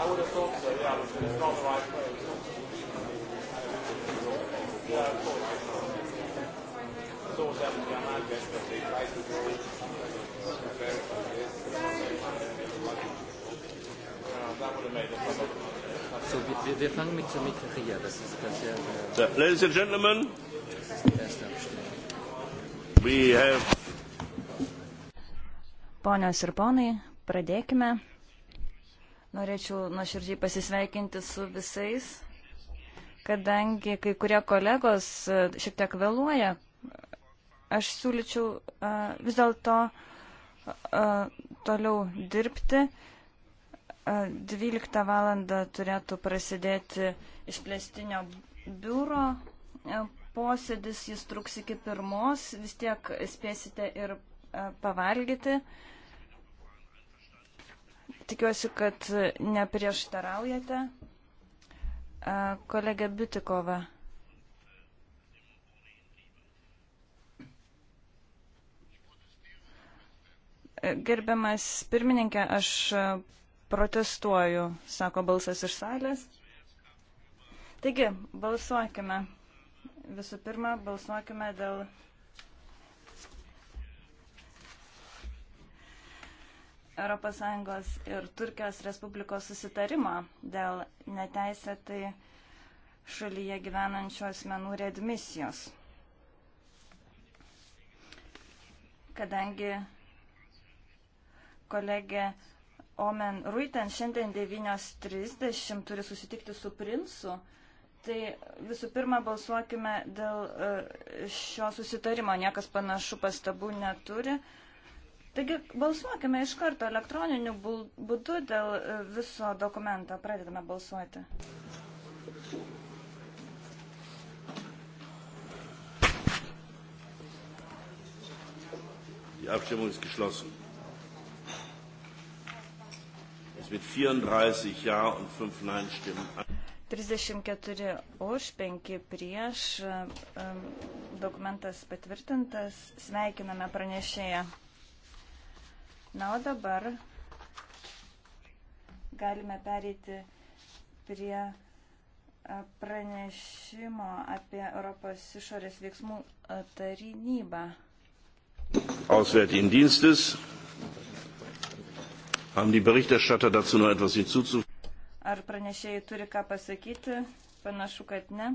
I would have thought so, yeah, but it's not the right way. Yeah, of course. It's always happened to my guess that they try to go prepare for this. That would have made it so, wir, wir fangen mit, mit Ria, das ist ganz sehr... Äh, so, ladies and gentlemen, we have... Ponios ir ponai, pradėkime. Norėčiau nuoširdžiai pasisveikinti su visais, kadangi kai kurie kolegos e, šiek tiek vėluoja. Aš siūlyčiau uh, vis dėlto uh, toliau dirbti. Uh, 12 valandą turėtų prasidėti išplėstinio biuro uh, posėdis, jis truks iki pirmos, vis tiek spėsite ir pavalgyti. Uh, Tikiuosi, kad neprieštaraujate. Kolegė Bitikova. Gerbiamas pirmininkė, aš protestuoju, sako balsas iš salės. Taigi, balsuokime. Visų pirma, balsuokime dėl ES ir Turkijos Respublikos susitarimo dėl neteisėtai šalyje gyvenančių asmenų readmisijos. Kadangi kolegė Omen Ruiten šiandien 9.30 turi susitikti su princu, Tai visų pirma balsuokime dėl e, šio susitarimo. Niekas panašu pastabų neturi. Taigi balsuokime iš karto elektroniniu būdu dėl e, viso dokumento. Pradedame balsuoti. Die Abstimmung ist geschlossen. Es wird 34 Ja und 5 Nein Stimmen. 34 už, 5 prieš. E, e, dokumentas patvirtintas. Sveikiname pranešėją. Na, o dabar galime pereiti prie pranešimo apie Europos išorės veiksmų tarnybą. Auswärtigen Dienstes. Haben die Berichterstatter dazu noch etwas hinzuzufügen? Ar pranešėjai turi ką pasakyti? Panašu, kad ne.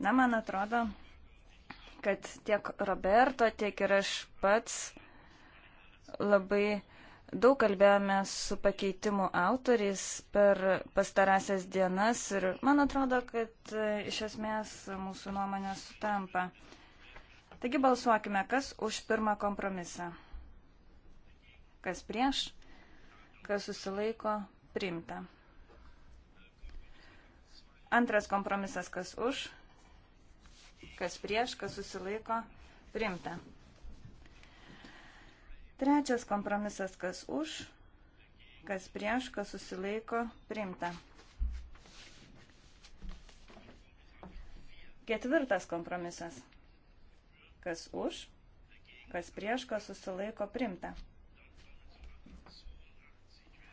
Na, man atrodo, kad tiek Roberto, tiek ir aš pats labai daug kalbėjome su pakeitimų autoriais per pastarąsias dienas ir man atrodo, kad e, iš esmės mūsų nuomonė sutampa. Taigi balsuokime, kas už pirmą kompromisą. Kas prieš, kas susilaiko, priimta. Antras kompromisas, kas už, kas prieš, kas susilaiko, priimta. Trečias kompromisas, kas už, kas prieš, kas susilaiko, priimta. Ketvirtas kompromisas, kas už, kas prieš, kas susilaiko, priimta.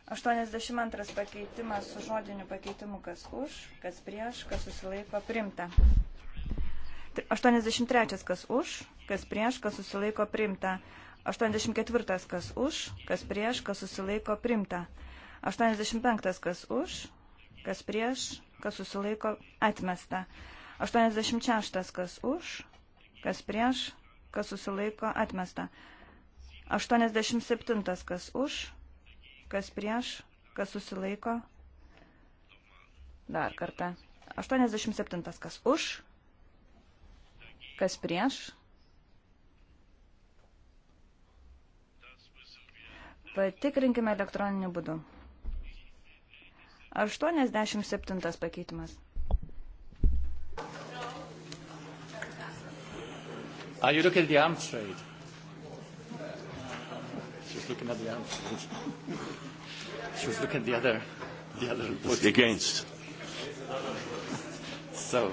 82 pakeitimas su žodiniu pakeitimu, kas už, kas prieš, kas susilaiko, priimta. 83 kas už, kas prieš, kas susilaiko primta. 84 kas už, kas prieš, kas susilaiko primta. 85 kas už, kas prieš, kas susilaiko atmesta. 86 kas už, kas prieš, kas susilaiko atmesta. 87 kas už, kas prieš, kas susilaiko. Dar kartą. 87 kas už, Kas prieš? Patikrinkime elektroniniu būdu. 87 pakeitimas. Are ah, you looking at the arms trade? She's looking at the arms trade. She's looking at the other, the other. Against. So.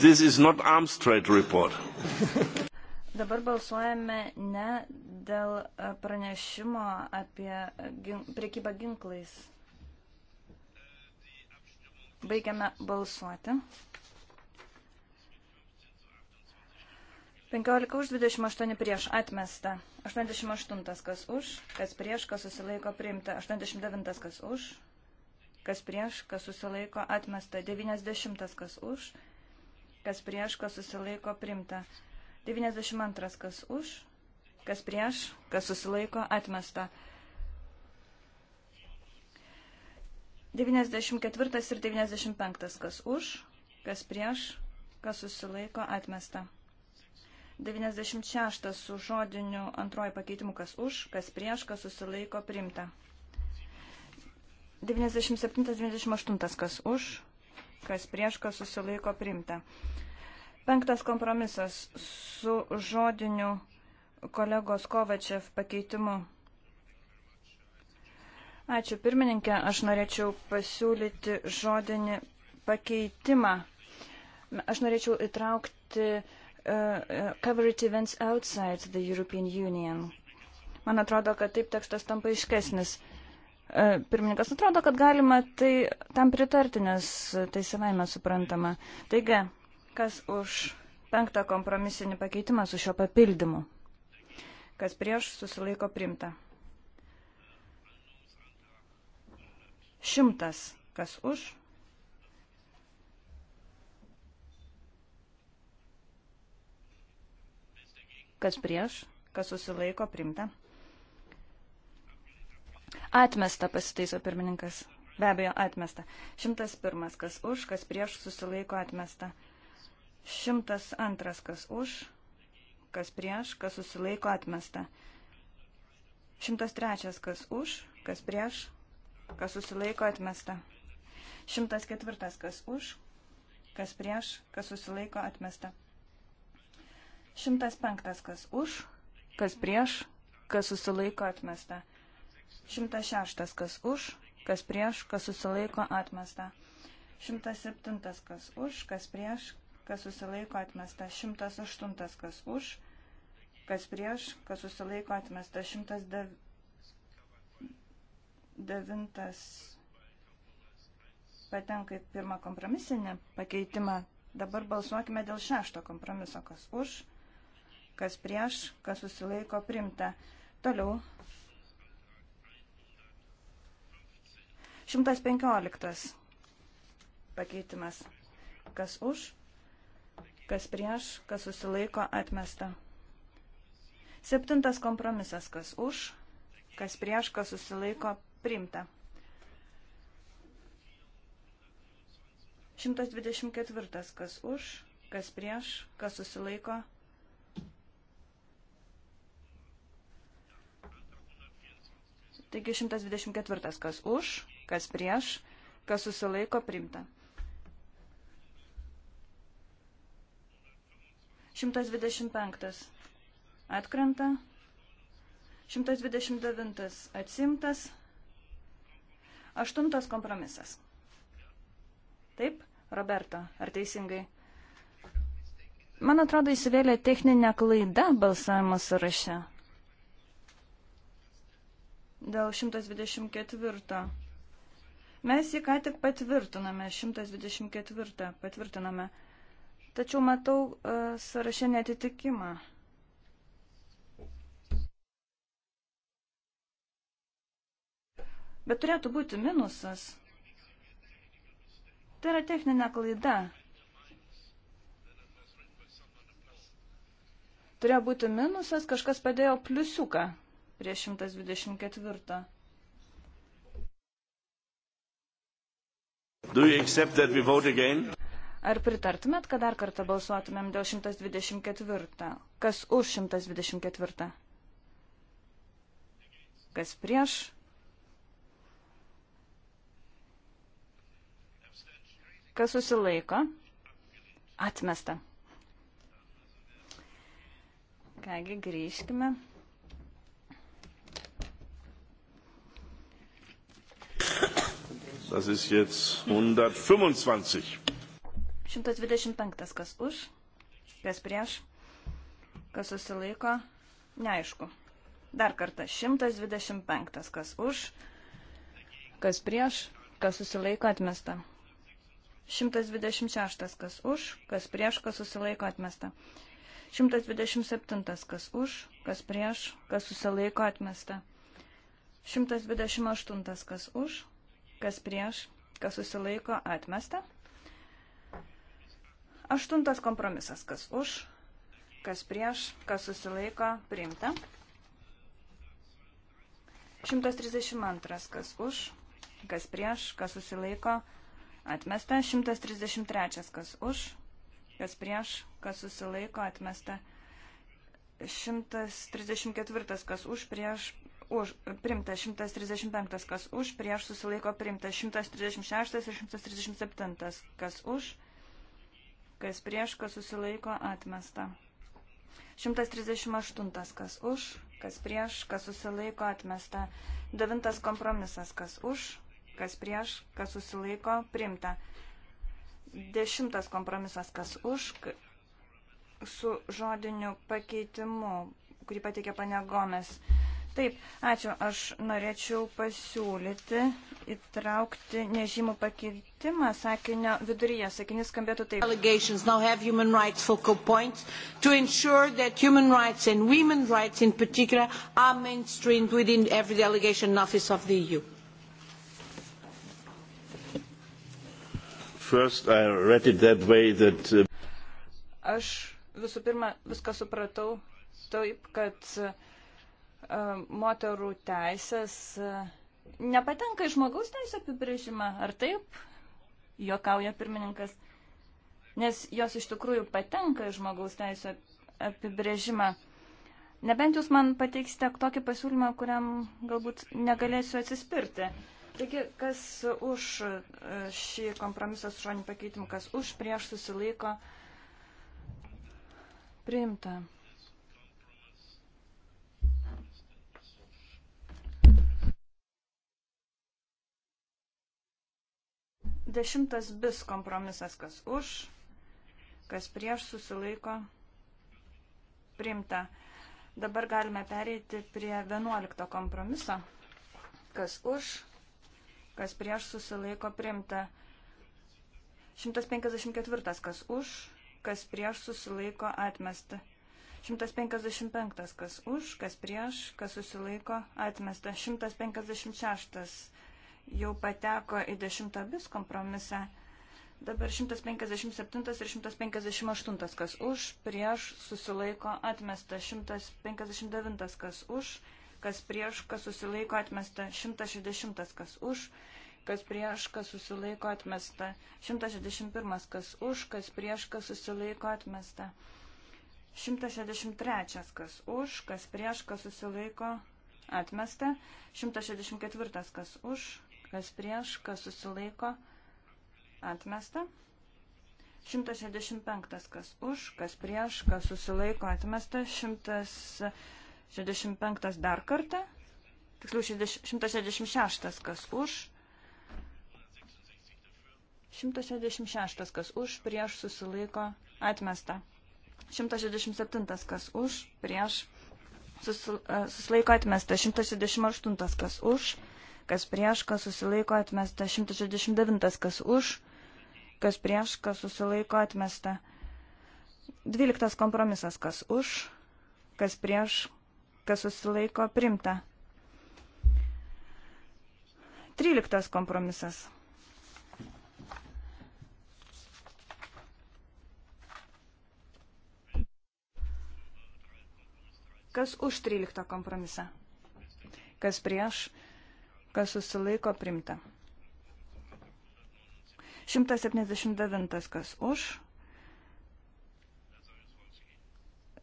This is not arms trade report. Dabar balsuojame ne dėl e, pranešimo apie e, gin, priekybą ginklais. Baigiame balsuoti. 15 už 28 prieš atmesta. 88 kas už, kas prieš, kas susilaiko priimta. 89 kas už, kas prieš, kas susilaiko atmesta. 90 kas už kas prieš, kas susilaiko primta. 92 kas už, kas prieš, kas susilaiko atmesta. 94 ir 95 kas už, kas prieš, kas susilaiko atmesta. 96 su žodiniu antroji pakeitimu kas už, kas prieš, kas susilaiko primta. 97-98 kas už, kas prieš, kas susilaiko primta. Penktas kompromisas su žodiniu kolegos Kovačev pakeitimu. Ačiū pirmininkė, aš norėčiau pasiūlyti žodinį pakeitimą. Aš norėčiau įtraukti uh, uh, coverage events outside the European Union. Man atrodo, kad taip tekstas tampa iškesnis. Uh, E, pirmininkas atrodo, kad galima tai tam pritarti, nes tai savaime suprantama. Taigi, kas už penktą kompromisinį pakeitimą su šio papildymu? Kas prieš susilaiko primta? Šimtas. Kas už? Kas prieš? Kas susilaiko primta? Atmesta pasitaiso pirmininkas. Be abejo, atmesta. 101. Kas už, kas prieš susilaiko atmesta. 102. Kas už, kas prieš, kas susilaiko atmesta. 103. Kas už, kas prieš, kas susilaiko atmesta. 104. Kas už, kas prieš, kas susilaiko atmesta. 105. Kas už, kas prieš, kas susilaiko atmesta. 106 kas už, kas prieš, kas susilaiko atmesta. 107 kas už, kas prieš, kas susilaiko atmesta. 108 kas už, kas prieš, kas susilaiko atmesta. 109 patenka į pirmą kompromisinį pakeitimą. Dabar balsuokime dėl šešto kompromiso, kas už, kas prieš, kas susilaiko primta. Toliau 115 pakeitimas. Kas už, kas prieš, kas susilaiko atmesta. Septintas kompromisas. Kas už, kas prieš, kas susilaiko priimta. 124. Kas už, kas prieš, kas susilaiko. Taigi 124. Kas už, kas prieš, kas susilaiko primta. 125 atkrenta, 129 atsimtas, 8 kompromisas. Taip, Roberto, ar teisingai? Man atrodo, įsivėlė techninė klaida balsavimo sąraše. Dėl 124. Mes jį ką tik patvirtiname, 124 patvirtiname. Tačiau matau uh, sąraše netitikimą. Bet turėtų būti minusas. Tai yra techninė klaida. Turėjo būti minusas, kažkas padėjo pliusiuką prie 124. Ar pritartumėt, kad dar kartą balsuotumėm dėl 124? Kas už 124? Kas prieš? Kas susilaiko? Atmesta. Kągi, grįžkime. Das ist jetzt 125. 125. Kas už, kas prieš, kas susilaiko, neaišku. Dar kartą 125. Kas už, kas prieš, kas susilaiko, atmesta. 126. Kas už, kas prieš, kas susilaiko, atmesta. 127. Kas už, kas prieš, kas susilaiko, atmesta. 128. Kas už, kas prieš, kas susilaiko, atmesta. Aštuntas kompromisas, kas už, kas prieš, kas susilaiko, priimta. 132, kas už, kas prieš, kas susilaiko, atmesta. 133, kas už, kas prieš, kas susilaiko, atmesta. 134, kas už, prieš, už, primta 135, kas už, prieš susilaiko primta 136 ir 137, kas už, kas prieš, kas susilaiko atmesta. 138, kas už, kas prieš, kas susilaiko atmesta. 9 kompromisas, kas už, kas prieš, kas susilaiko primta. 10 kompromisas, kas už, su žodiniu pakeitimu, kurį pateikė pane Gomes. Taip, ačiū. Aš norėčiau pasiūlyti įtraukti nežymų pakeitimą sakinio viduryje. Sakinys skambėtų taip. Allegations now have human rights focal points to ensure that human rights and women's rights in particular are mainstreamed within every delegation office of the EU. First, I read it that way that. Uh... Aš visų pirma viską supratau taip, kad uh, E, moterų teisės e, nepatenka į žmogaus teisų apibrėžimą, ar taip? Jokauja pirmininkas. Nes jos iš tikrųjų patenka į žmogaus teisų apibrėžimą. Nebent jūs man pateiksite tokį pasiūlymą, kuriam galbūt negalėsiu atsispirti. Taigi, kas už e, šį kompromisą su žodžiu pakeitimu, kas už prieš susilaiko, priimta. Dešimtas bis kompromisas, kas už, kas prieš susilaiko priimta. Dabar galime pereiti prie 11 kompromiso, kas už, kas prieš susilaiko priimta. 154, kas už, kas prieš susilaiko atmesta. 155, kas už, kas prieš, kas susilaiko atmesta. 156 jau pateko į 10 bis kompromisą. Dabar 157 ir 158 kas už, prieš susilaiko atmesta 159 kas už, kas prieš, kas susilaiko atmesta 160 kas už, kas prieš, kas susilaiko atmesta 161 kas už, kas prieš, kas susilaiko atmesta 163 kas už, kas prieš, kas susilaiko atmesta 164 kas už, kas prieš, kas susilaiko, atmesta. 165, kas už, kas prieš, kas susilaiko, atmesta. 165 dar kartą. Tiksliau, 166, kas už. 166, kas už, prieš, susilaiko, atmesta. 167, kas už, prieš, e, susilaiko, atmesta. 168, kas už kas prieš, kas susilaiko atmesta. 169, kas už, kas prieš, kas susilaiko atmesta. 12 kompromisas, kas už, kas prieš, kas susilaiko primta. 13 kompromisas. Kas už 13 kompromisą? Kas prieš? kas susilaiko primta. 179 kas už.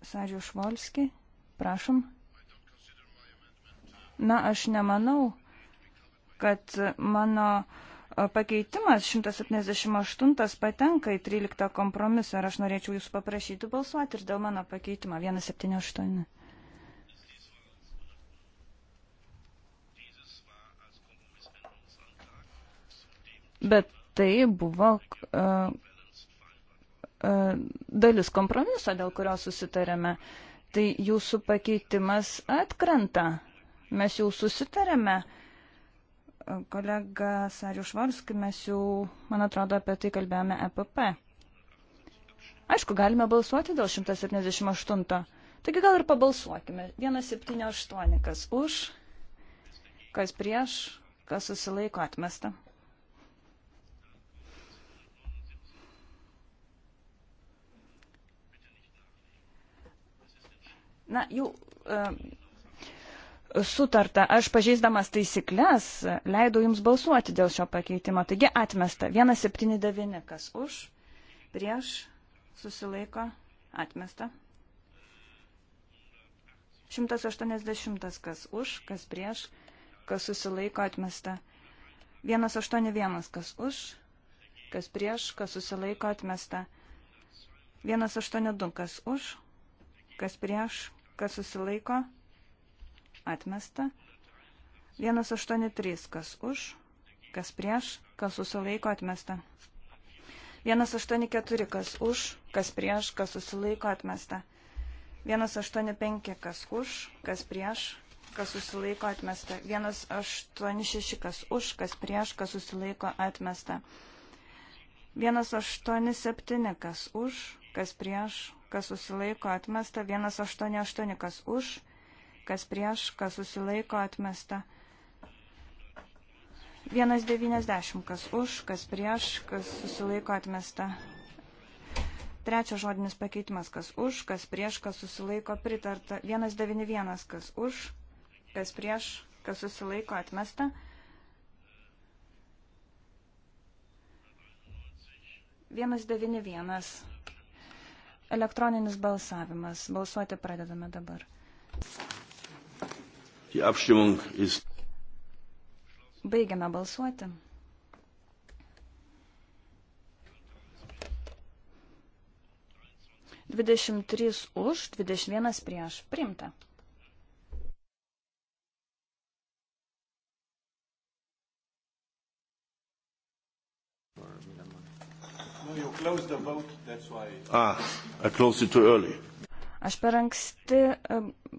Sadžiu Švolski, prašom. Na, aš nemanau, kad mano pakeitimas 178 patenka į 13 kompromisą ir aš norėčiau jūs paprašyti balsuoti ir dėl mano pakeitimo 178. Bet tai buvo uh, uh, dalis kompromiso, dėl kurio susitarėme. Tai jūsų pakeitimas atkrenta. Mes jau susitarėme. E, kolega Sariu Švarski, mes jau, man atrodo, apie tai kalbėjome EPP. Aišku, galime balsuoti dėl 178. Taigi gal ir pabalsuokime. 178. Kas už, kas prieš, kas susilaiko atmesta. Na, jau e, sutarta, aš pažeisdamas taisyklės leidau jums balsuoti dėl šio pakeitimo. Taigi atmesta 179, kas už, prieš, susilaiko, atmesta. 180, kas už, kas prieš, kas susilaiko, atmesta. 181, kas už, kas prieš, kas susilaiko, atmesta. 182, kas už, kas prieš, kas susilaiko, atmesta. 183, kas už, kas prieš, kas susilaiko, atmesta. 184, kas už, kas prieš, kas susilaiko, atmesta. 185, kas už, kas prieš, kas susilaiko atmesta. 186, kas už, kas prieš, kas susilaiko atmesta. 187, kas už, kas prieš, kas susilaiko atmesta, 188, kas už, kas prieš, kas susilaiko atmesta. 190, kas už, kas prieš, kas susilaiko atmesta. Trečias žodinis pakeitimas, kas už, kas prieš, kas susilaiko pritarta. 191, kas už, kas prieš, kas susilaiko atmesta. 191 Elektroninis balsavimas. Balsuoti pradedame dabar. Baigiame balsuoti. Dvidešimt trys už, dvidešimt vienas prieš. Primta. you closed the vote, that's why. Ah, I closed it too early. Aš per anksti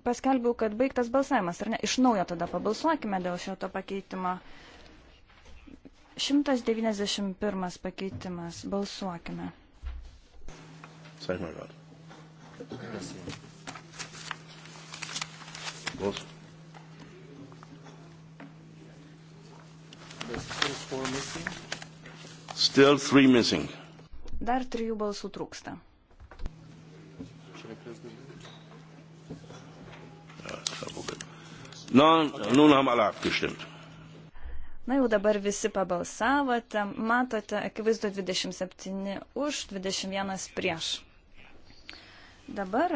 paskelbiau, kad baigtas balsavimas, ar ne? Iš naujo tada pabalsuokime dėl šito pakeitimo. 191 pakeitimas. Balsuokime. Sag mal gerade. Los. Still three missing. Dar trijų balsų trūksta. Na jau dabar visi pabalsavote, matote, akivaizdu 27 už, 21 prieš. Dabar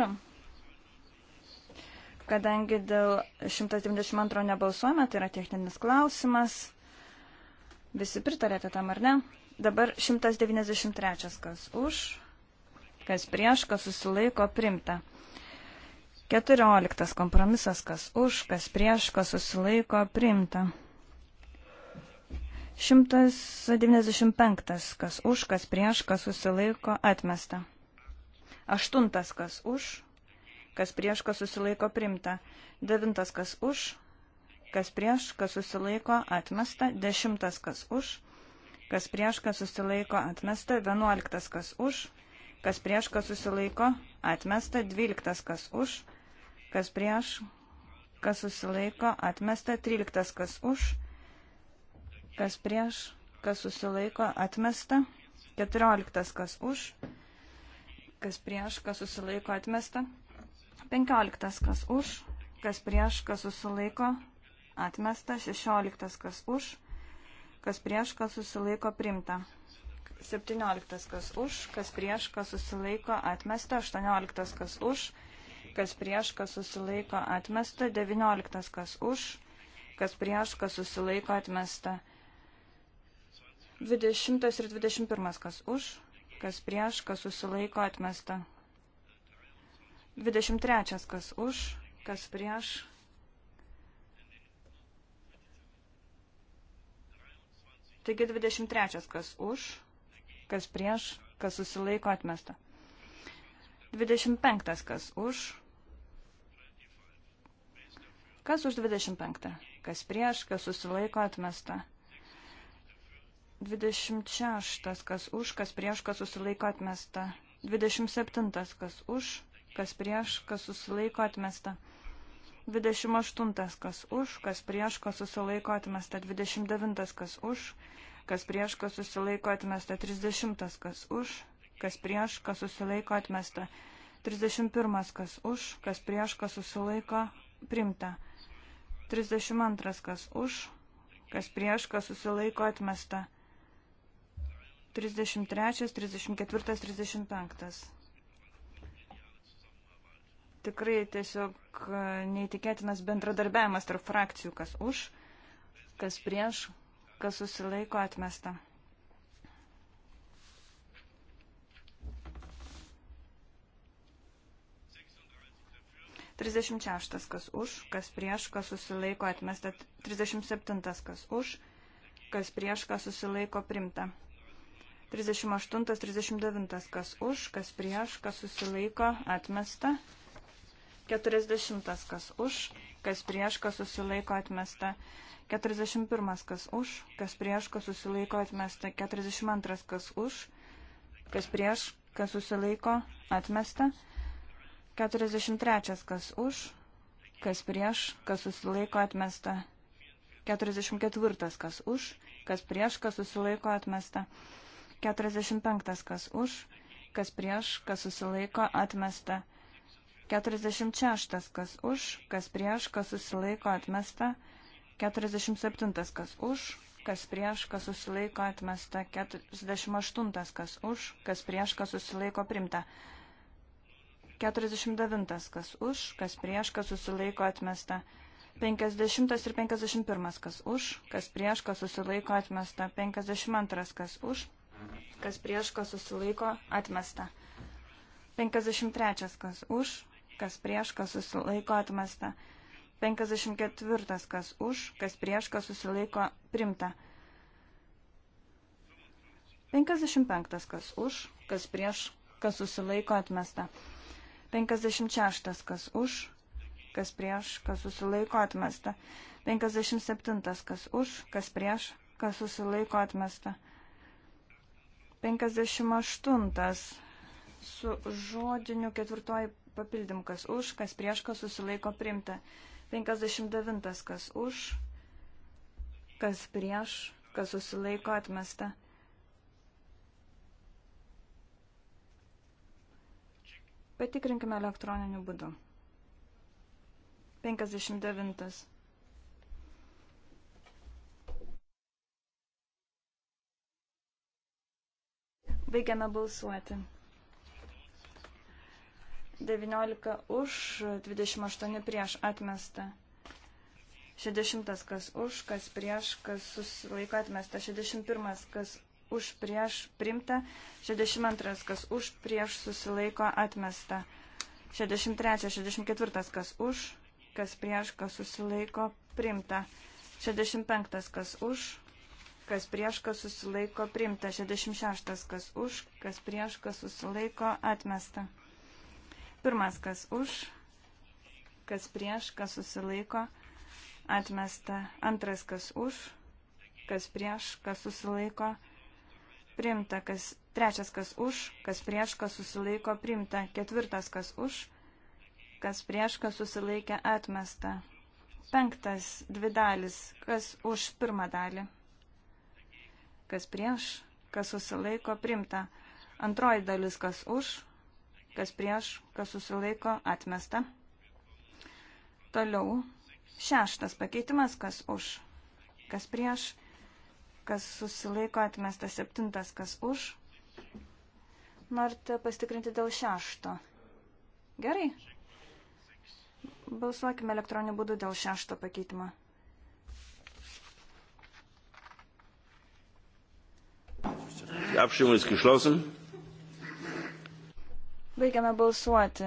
kadangi dėl 172 nebalsuojame, tai yra techninis klausimas. Visi pritarėte tam ar ne? Dabar 193. Kas už, kas prieš, kas susilaiko primta. 14. Kompromisas. Kas už, kas prieš, kas susilaiko primta. 195. Kas už, kas prieš, kas susilaiko, atmesta. 8. Kas už, kas prieš, kas susilaiko, primta. 9. Kas už, kas prieš, kas susilaiko, atmesta. 10. Kas už, kas prieš, kas susilaiko, atmesta, 11 kas už, kas prieš, kas susilaiko, atmesta, 12 kas už, kas prieš, kas susilaiko, atmesta, 13 kas už, kas prieš, kas susilaiko, atmesta, 14 kas už, kas prieš, kas susilaiko, atmesta, 15 kas už, kas prieš, kas susilaiko, atmesta, 16 kas už, kas prieš, kas susilaiko primta. 17 kas už, kas prieš, kas susilaiko atmesta, 18 kas už, kas prieš, kas susilaiko atmesta, 19 kas už, kas prieš, kas susilaiko atmesta, 20 ir 21 kas už, kas prieš, kas susilaiko atmesta, 23 kas už, kas prieš, Taigi 23. Kas už, kas prieš, kas susilaiko atmesta. 25. Kas už. Kas už 25? Kas prieš, kas susilaiko atmesta. 26. Kas už, kas prieš, kas susilaiko atmesta. 27. Kas už, kas prieš, kas susilaiko atmesta. 28 kas už, kas prieš, kas susilaiko atmesta 29 kas už, kas prieš, kas susilaiko atmesta 30 kas už, kas prieš, kas susilaiko atmesta 31 kas už, kas prieš, kas susilaiko primta 32 kas už, kas prieš, kas susilaiko atmesta 33, 34, 35. Tikrai tiesiog e, neįtikėtinas bendradarbiavimas tarp frakcijų, kas už, kas prieš, kas susilaiko atmesta. Trisdešimt šeštas, kas už, kas prieš, kas susilaiko atmesta. Trisdešimt septintas, kas už, kas prieš, kas susilaiko primta. 38, 39, kas už, kas prieš, kas susilaiko, atmesta. 40 kas už, kas prieš, kas susilaiko atmesta. 41 kas už, kas prieš, kas susilaiko atmesta. 42 kas už, kas prieš, kas susilaiko atmesta. 43 kas už, kas prieš, kas susilaiko atmesta. 44 kas už, kas prieš, kas susilaiko atmesta. 45 kas už, kas prieš, kas susilaiko atmesta. 46. Kas už, kas prieš, kas susilaiko atmesta. 47. Kas už, kas prieš, kas susilaiko atmesta. 48. Kas už, kas prieš, kas susilaiko primta. 49. Kas už, kas prieš, kas susilaiko atmesta. 50 ir 51. Kas už, kas prieš, kas susilaiko atmesta. 52. Kas už, kas prieš, kas susilaiko atmesta. 53. Kas už, kas prieš, kas susilaiko atmesta. 54. Kas už, kas prieš, kas susilaiko primta. 55. Kas už, kas prieš, kas susilaiko atmesta. 56. Kas už, kas prieš, kas susilaiko atmesta. 57. Kas už, kas prieš, kas susilaiko atmesta. 58. Su žodiniu ketvirtoji papildym, kas už, kas prieš, kas susilaiko priimta. 59. kas už, kas prieš, kas susilaiko atmesta. Patikrinkime elektroniniu būdu. 59. Baigiame balsuoti. 19 už, 28 prieš atmesta. 60 kas už, kas prieš, kas susilaiko atmesta. 61 kas už, prieš primta. 62 kas už, prieš susilaiko atmesta. 63, 64 kas už, kas prieš, kas susilaiko primta. 65 kas už, kas prieš, kas susilaiko primta. 66 kas už, kas prieš, kas susilaiko atmesta. Pirmas, kas už, kas prieš, kas susilaiko, atmesta. Antras, kas už, kas prieš, kas susilaiko, priimta. Kas, trečias, kas už, kas prieš, kas susilaiko, priimta. Ketvirtas, kas už, kas prieš, kas susilaikė, atmesta. Penktas, dvi dalis, kas už pirmą dalį, kas prieš, kas susilaiko, priimta. Antroji dalis, kas už, kas prieš, kas susilaiko, atmesta. Toliau šeštas pakeitimas, kas už, kas prieš, kas susilaiko, atmesta. Septintas, kas už. Norite pastikrinti dėl šešto. Gerai. Balsuokime elektroniniu būdu dėl šešto pakeitimo. Die Abstimmung ist geschlossen. Baigiame balsuoti.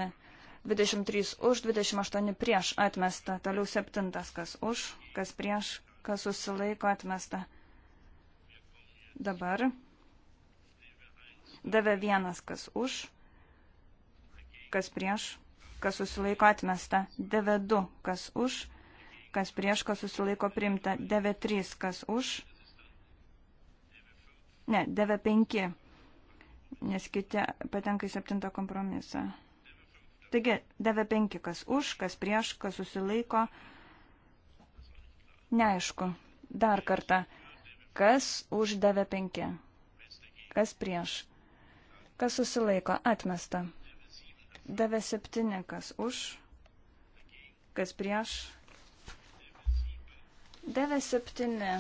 23 už, 28 prieš atmesta. Toliau septintas, kas už, kas prieš, kas susilaiko atmesta. Dabar davė vienas, kas už, kas prieš, kas susilaiko atmesta. Davė du, kas už, kas prieš, kas susilaiko primta. Davė trys, kas už. Ne, davė penki nes kiti patenka į septintą kompromisą. Taigi, davė penki, kas už, kas prieš, kas susilaiko. Neaišku. Dar kartą. Kas už davė penki? Kas prieš? Kas susilaiko? Atmesta. Davė septyni, kas už, kas prieš. Davė septyni.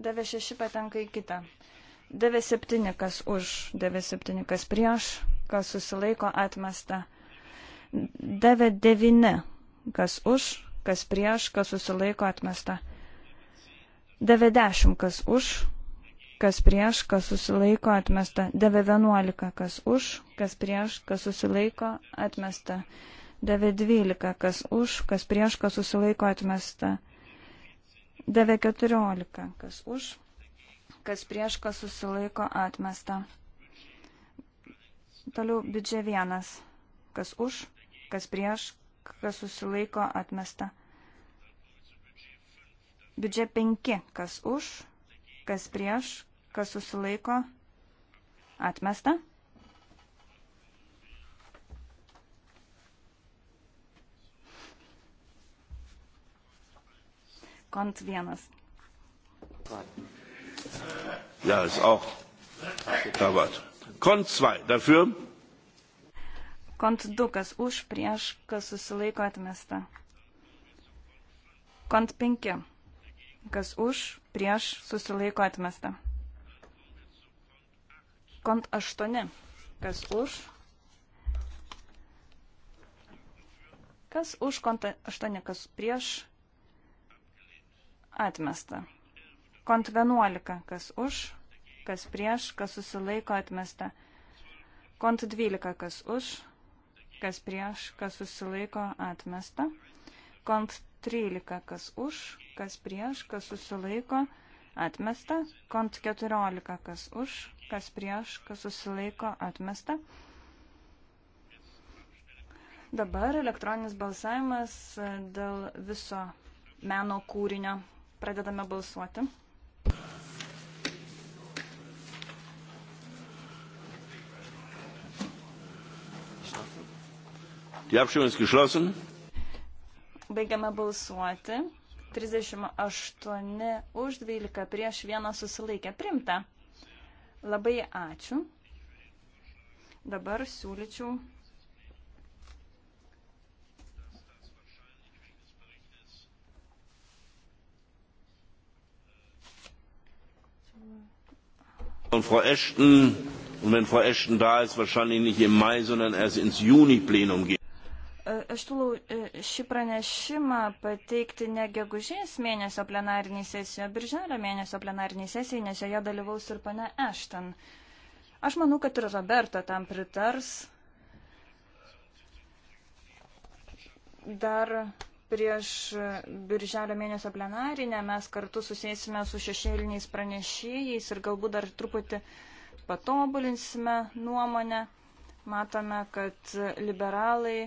Davė šeši patenka į kitą. 9-7, kas už, 9-7, kas prieš, kas susilaiko atmesta. 9-9, kas už, kas prieš, kas susilaiko atmesta. 90, kas už, kas prieš, kas susilaiko atmesta. 9-11, kas už, kas prieš, kas susilaiko atmesta. 9-12, kas už, kas prieš, kas susilaiko atmesta. 9-14, kas už, kas prieš, kas susilaiko atmesta. Toliau biudžė vienas, kas už, kas prieš, kas susilaiko atmesta. Biudžė penki, kas už, kas prieš, kas susilaiko atmesta. Kont vienas, Ja, ist auch Tabat. Kont 2 dafür. Kont 2, kas už, prieš, kas susilaiko atmesta. Kont 5, kas už, prieš, susilaiko atmesta. Kont 8, kas už. Kas už kont 8, kas prieš, atmesta. Kont 11, kas už, kas prieš, kas susilaiko atmesta. Kont 12, kas už, kas prieš, kas susilaiko atmesta. Kont 13, kas už, kas prieš, kas susilaiko atmesta. Kont 14, kas už, kas prieš, kas susilaiko atmesta. Dabar elektroninis balsavimas e, dėl viso meno kūrinio. Pradedame balsuoti. Die Abstimmung ist geschlossen. Baigiame balsuoti. 38 už 12 prieš vieną susilaikę. Primta. Labai ačiū. Dabar siūlyčiau von Frau Ashton. Und wenn Frau Ashton da ist, wahrscheinlich nicht im Mai, sondern erst ins Juni-Plenum geht. Aš tūlau e, šį pranešimą pateikti ne gegužės mėnesio plenariniai sesijoje, birželio mėnesio plenariniai sesijai, nes joje dalyvaus ir pane Ešten. Aš manau, kad ir Roberto tam pritars. Dar prieš birželio mėnesio plenarinę mes kartu susėsime su šešėliniais pranešėjais ir galbūt dar truputį patobulinsime nuomonę. Matome, kad liberalai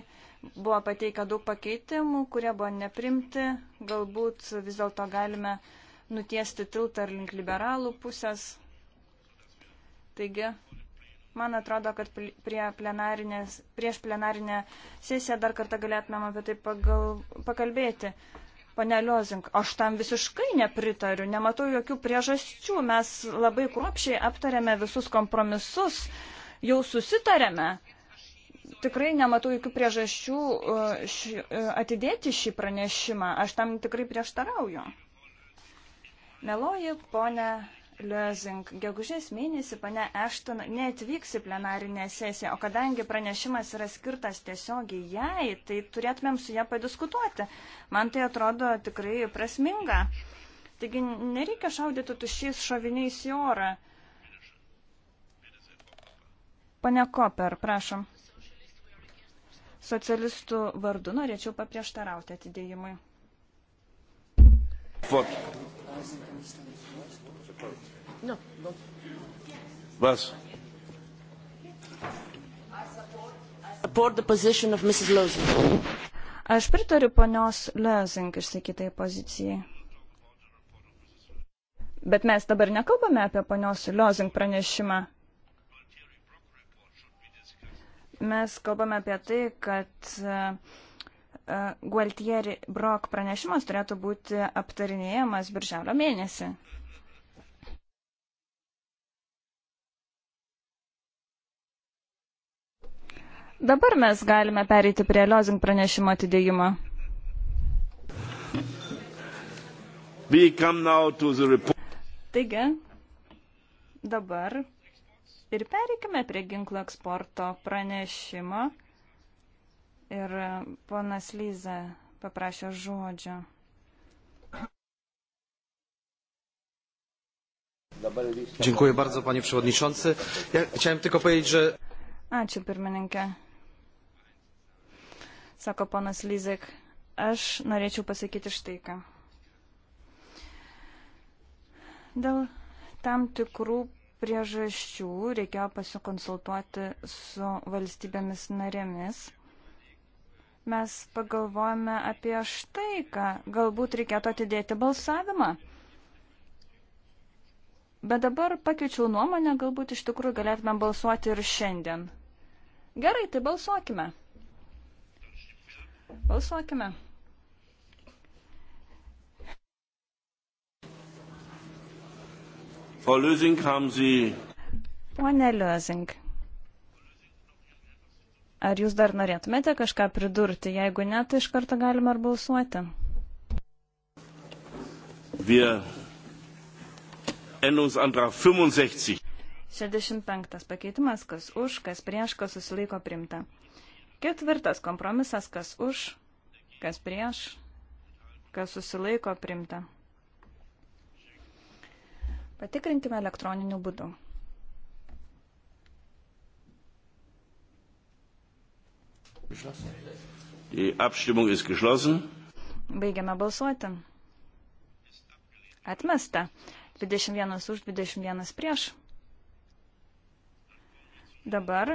Buvo pateikę daug pakeitimų, kurie buvo neprimti. Galbūt vis dėlto galime nutiesti tiltą ar link liberalų pusės. Taigi, man atrodo, kad prie plenarinės, prieš plenarinę sesiją dar kartą galėtumėm apie tai pagal, pakalbėti. Pane Liozink, aš tam visiškai nepritariu, nematau jokių priežasčių. Mes labai kruopšiai aptarėme visus kompromisus, jau susitarėme tikrai nematau jokių priežasčių uh, ši, uh, atidėti šį pranešimą. Aš tam tikrai prieštarauju. Meloji ponė Liozink, gegužės mėnesį ponė Ešton neatvyks į plenarinę sesiją, o kadangi pranešimas yra skirtas tiesiogiai jai, tai turėtumėm su ją padiskutuoti. Man tai atrodo tikrai prasminga. Taigi nereikia šaudyti tušiais šoviniais į orą. Pane Koper, prašom. Socialistų vardu norėčiau paprieštarauti atidėjimui. Vot. No, no. Vas. Aš pritariu ponios Lezing išsakytai pozicijai. Bet mes dabar nekalbame apie ponios Lezing pranešimą. Mes kalbame apie tai, kad e, Gualtieri Brok pranešimas turėtų būti aptarinėjamas birželio mėnesį. Dabar mes galime pereiti prie Liozing pranešimo atidėjimo. Taigi, dabar Ir pereikime prie ginklo eksporto pranešimo. Ir ponas Lyza paprašė žodžio. Dziękuję bardzo, panie przewodniczący. Ja chciałem tylko powiedzieć, że... Ačiū, pirmininkė. Sako ponas Lyzik, aš norėčiau pasakyti štai ką. Dėl tam tikrų priežasčių reikėjo pasikonsultuoti su valstybėmis narėmis. Mes pagalvojame apie štai, ką galbūt reikėtų atidėti balsavimą. Bet dabar pakeičiau nuomonę, galbūt iš tikrųjų galėtume balsuoti ir šiandien. Gerai, tai balsuokime. Balsuokime. Frau Lösing, haben Sie. Pone Lösing, ar jūs dar norėtumėte kažką pridurti? Jeigu ne, tai iš karto galima ar balsuoti. Wir Änderungsantrag 65. 65 pakeitimas, kas už, kas prieš, kas susilaiko primta. Ketvirtas kompromisas, kas už, kas prieš, kas susilaiko primta. Patikrinkime elektroniniu būdu. Baigiame balsuoti. Atmesta. 21 už, 21 prieš. Dabar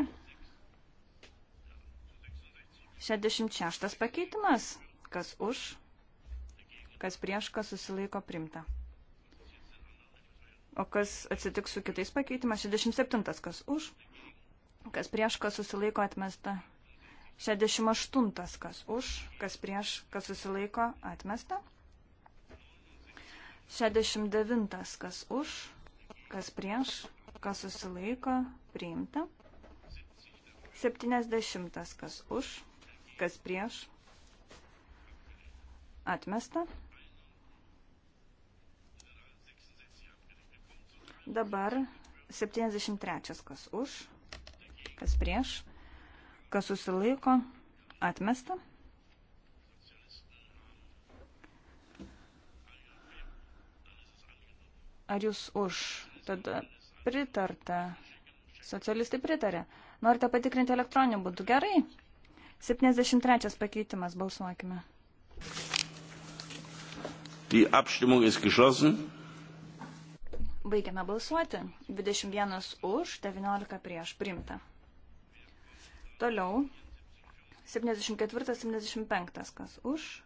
66 pakeitimas. Kas už, kas prieš, kas susilaiko primta. O kas atsitiks su kitais pakeitimas? 67. Kas už? Kas prieš, kas susilaiko atmesta? 68. Kas už? Kas prieš, kas susilaiko atmesta? 69. Kas už? Kas prieš, kas susilaiko priimta? 70. Kas už? Kas prieš? Atmesta? Dabar 73. Kas už, kas prieš, kas susilaiko, atmesta. Ar jūs už? Tada pritarta. Socialistai pritarė. Norite patikrinti elektroniniu būdu? Gerai. 73 pakeitimas. Balsuokime. Die Abstimmung ist geschlossen. Baigiame balsuoti. 21 už, 19 prieš. Primta. Toliau. 74-75. Kas už,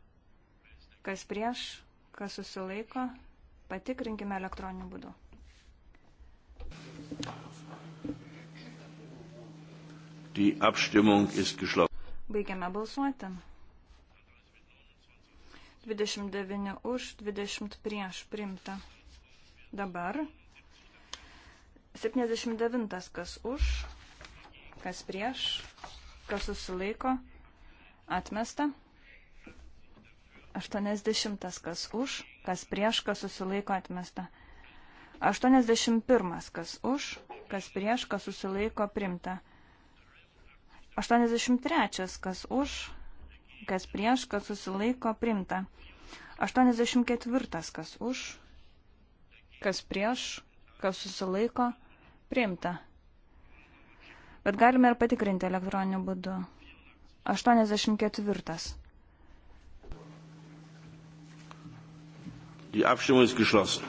kas prieš, kas susilaiko. Patikrinkime elektroniniu būdu. Die Abstimmung ist geschlossen. Baigiame balsuoti. 29 už, 20 prieš. Primta. Dabar 79. Kas už, kas prieš, kas susilaiko, atmesta. 80. Kas už, kas prieš, kas susilaiko, atmesta. 81. Kas už, kas prieš, kas susilaiko, primta. 83. Kas už, kas prieš, kas susilaiko, primta. 84. Kas už, kas prieš, kas susilaiko, priimta. Bet galime ir patikrinti elektroniniu būdu. 84. Die Abstimmung ist geschlossen.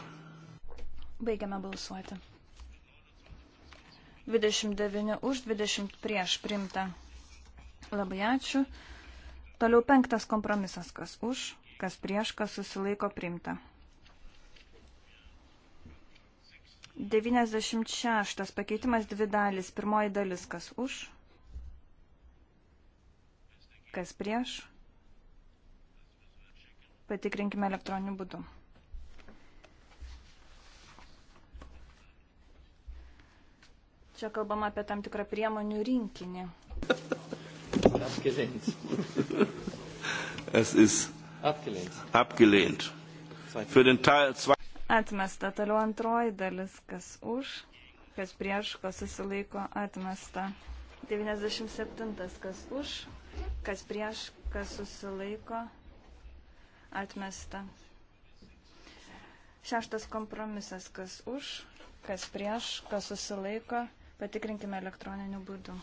Baigiame balsuoti. 29 už, 20 prieš primta. Labai ačiū. Toliau penktas kompromisas, kas už, kas prieš, kas susilaiko primta. 96 pakeitimas dvi dalis. Pirmoji dalis kas už, kas prieš. Patikrinkime elektroniniu būdu. Čia kalbama apie tam tikrą priemonių rinkinį. Abgelehnt. Es ist abgelehnt. abgelehnt. Für den Teil 2. Atmesta. Toliau antroji dalis, kas už, kas prieš, kas susilaiko, atmesta. 97. Kas už, kas prieš, kas susilaiko, atmesta. Šeštas kompromisas, kas už, kas prieš, kas susilaiko, patikrinkime elektroniniu būdu.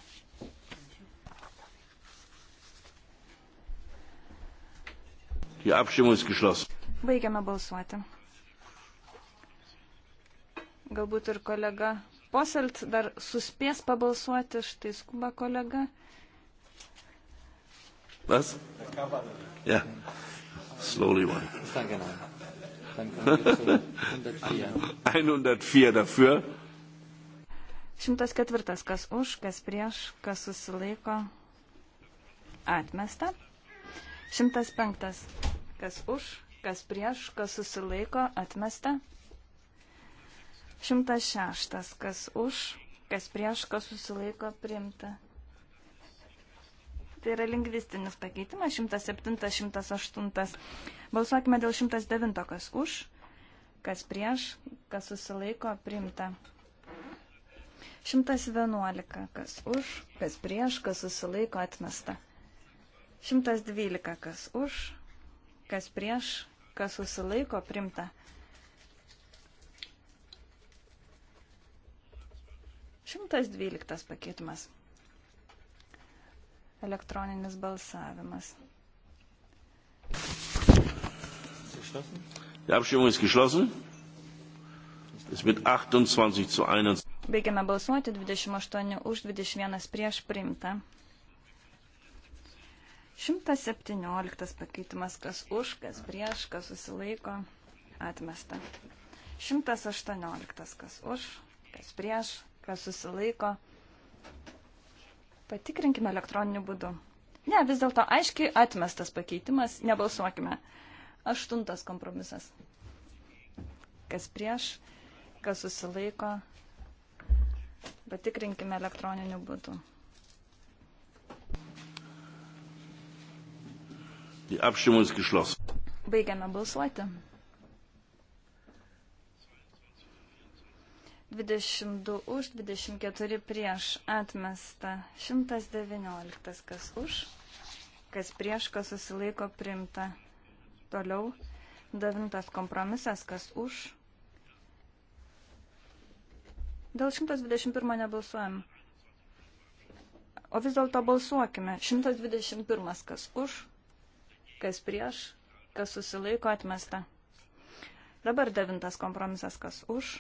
Die Abstimmung ist geschlossen. Baigiame balsuoti. Galbūt ir kolega Poselt dar suspės pabalsuoti, štai skuba kolega. Was? Ja. Slowly one. 104 dafür. 104. Kas už, kas prieš, kas susilaiko. Atmesta. 105. Kas už, kas prieš, kas susilaiko. Atmesta. 106. Kas už, kas prieš, kas susilaiko priimta. Tai yra lingvistinis pakeitimas 107, 108. Balsuokime dėl 109, kas už, kas prieš, kas susilaiko priimta. 111, kas už, kas prieš, kas susilaiko atmesta. 112, kas už, kas prieš, kas susilaiko priimta. 112 pakeitimas. Elektroninis balsavimas. Die Abstimmung ist geschlossen. Es wird 28 zu 21. Baigiame balsuoti 28 už 21 prieš primtą. 117 pakeitimas, kas už, kas prieš, kas susilaiko, atmesta. 118 kas už, kas prieš, kas susilaiko. Patikrinkime elektroniniu būdu. Ne, vis dėlto aiškiai atmestas pakeitimas, nebalsuokime. Aštuntas kompromisas. Kas prieš, kas susilaiko, patikrinkime elektroniniu būdu. Die Abstimmung ist geschlossen. Baigiame balsuoti. 22 už, 24 prieš atmesta, 119 kas už, kas prieš, kas susilaiko primta. Toliau, 9 kompromisas, kas už. Dėl 121 nebalsuojam. O vis dėlto balsuokime. 121 kas už, kas prieš, kas susilaiko atmesta. Dabar devintas kompromisas, kas už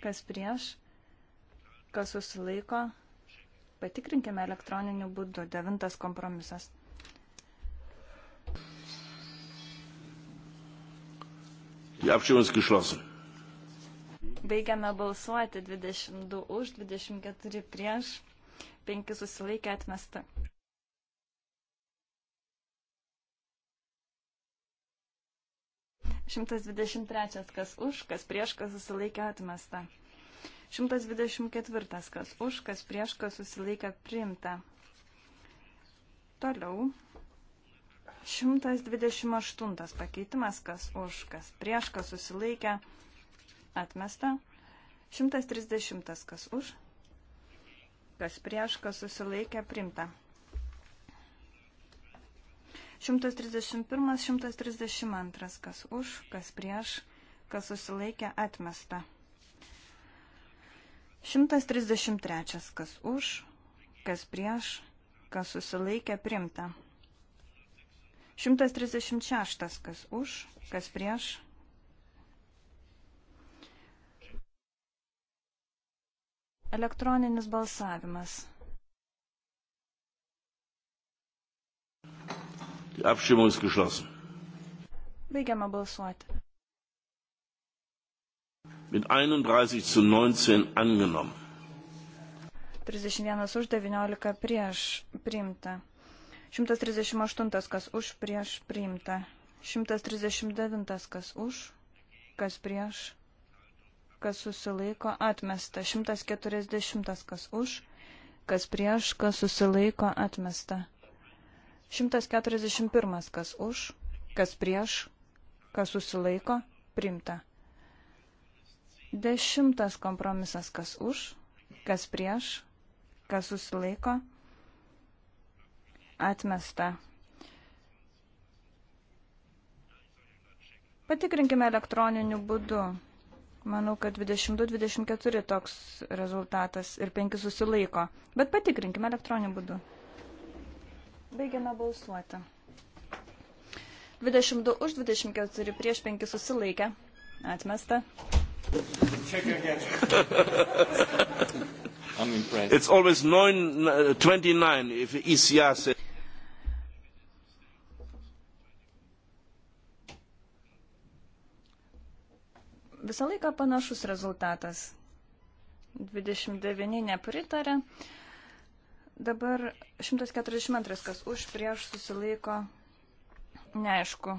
kas prieš, kas susilaiko. Patikrinkime elektroniniu būdu. Devintas kompromisas. Die Abstimmung ist geschlossen. Baigiame balsuoti 22 už, 24 prieš, 5 susilaikė atmesta. 123. Kas už, kas prieš, kas susilaikė atmesta. 124. Kas už, kas prieš, kas susilaikė priimta. Toliau. 128. Pakeitimas, kas už, kas prieš, kas susilaikė atmesta. 130. Kas už, kas prieš, kas susilaikė priimta. 131, 132, kas už, kas prieš, kas susilaikė atmesta. 133, kas už, kas prieš, kas susilaikė primta. 136, kas už, kas prieš, Elektroninis balsavimas. Die Abstimmung ist geschlossen. Baigiama balsuoti. Mit 31 zu 19 angenommen. 31 už 19 prieš priimta. 138 kas už prieš priimta. 139 kas už, kas prieš, kas susilaiko atmesta. 140 kas už, kas prieš, kas susilaiko atmesta. 141. Kas už, kas prieš, kas susilaiko, primta. Dešimtas kompromisas. Kas už, kas prieš, kas susilaiko, atmesta. Patikrinkime elektroniniu būdu. Manau, kad 22-24 toks rezultatas ir 5 susilaiko. Bet patikrinkime elektroniniu būdu. Baigiame balsuoti. 22 už 24 prieš 5 susilaikę. Atmesta. I'm impressed. It's always 9, 29 uh, if ECR says. Visą laiką panašus rezultatas. 29 nepritarė. Dabar 142, kas už, prieš, susilaiko, neaišku.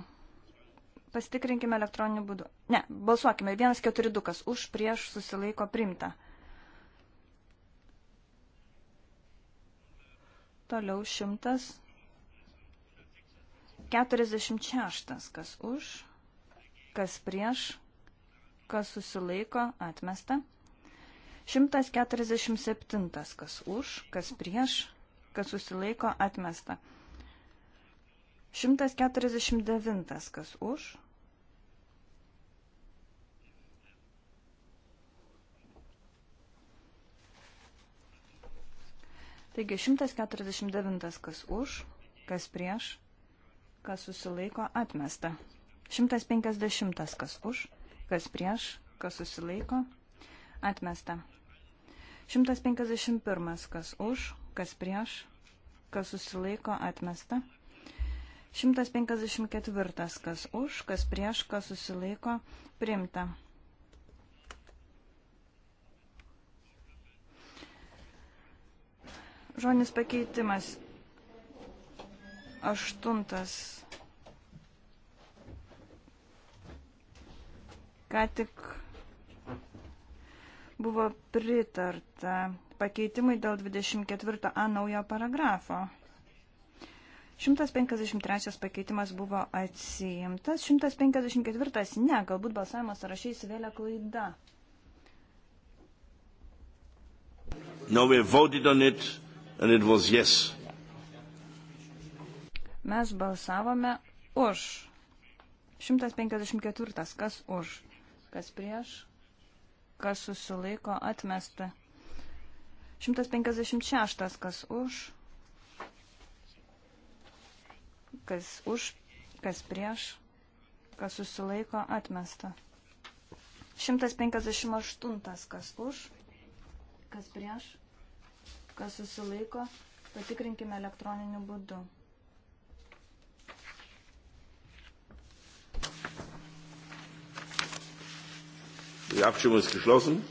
Pasitikrinkime elektroniniu būdu. Ne, balsuokime. 142, kas už, prieš, susilaiko, primta. Toliau 146, kas už, kas prieš, kas susilaiko, atmesta. 147. Kas už, kas prieš, kas susilaiko atmesta. 149. Kas už. Taigi 149 kas už, kas prieš, kas susilaiko atmesta. 150 kas už, kas prieš, kas susilaiko atmesta. 151. Kas už, kas prieš, kas susilaiko atmesta. 154. Kas už, kas prieš, kas susilaiko primta. Žodis pakeitimas. Aštuntas. Ką tik Buvo pritarta pakeitimai dėl 24a naujo paragrafo. 153 pakeitimas buvo atsiimtas, 154 ne, galbūt balsavimo sąrašai įsivėlė klaida. No, we voted on it and it was yes. Mes balsavome už. 154. Kas už? Kas prieš? kas susilaiko atmesta. 156, kas už, kas už, kas prieš, kas susilaiko atmesta. 158, kas už, kas prieš, kas susilaiko, patikrinkime elektroniniu būdu. Die Abstimmung ist geschlossen.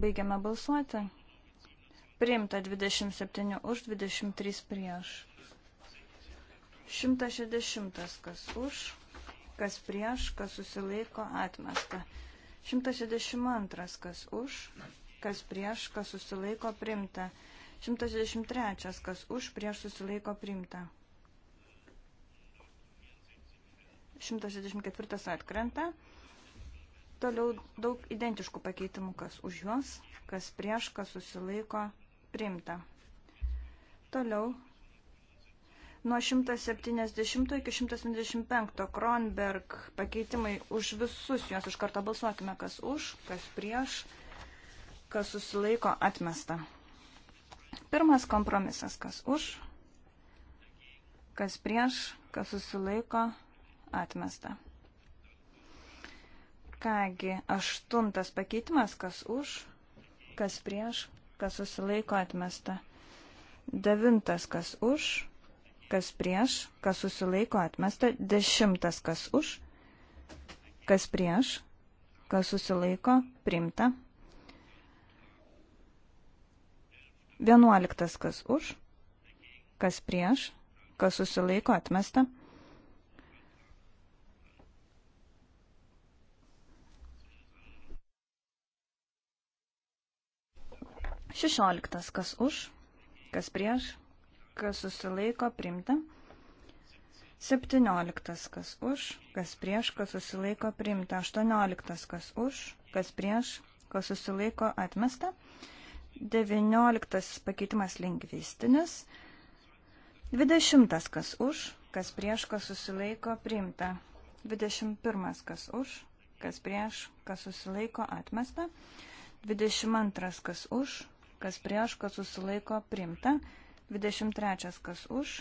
Baigiame balsuoti. Priimta 27 už, 23 prieš. 160 kas už, kas prieš, kas susilaiko atmesta. 162 kas už, kas prieš, kas susilaiko primta. 163 kas už, prieš susilaiko primta. 164 atkrenta. Toliau daug identiškų pakeitimų, kas už juos, kas prieš, kas susilaiko, priimta. Toliau nuo 170 iki 175 Kronberg pakeitimai už visus juos iš karto balsuokime, kas už, kas prieš, kas susilaiko atmesta. Pirmas kompromisas, kas už, kas prieš, kas susilaiko atmesta. Kągi, aštuntas pakeitimas, kas už, kas prieš, kas susilaiko atmesta. Devintas, kas už, kas prieš, kas susilaiko atmesta. Dešimtas, kas už, kas prieš, kas susilaiko primta. Vienuoliktas, kas už, kas prieš, kas susilaiko atmesta. 16. Kas už, kas prieš, kas susilaiko priimta. 17. Kas už, kas prieš, kas susilaiko priimta. 18. Kas už, kas prieš, kas susilaiko atmesta. 19. Pakeitimas lingvistinis. 20. Kas už, kas prieš, kas susilaiko priimta. 21. Kas už, kas prieš, kas susilaiko atmesta. 22. Kas už, kas prieš, kas susilaiko priimta. 23. kas už,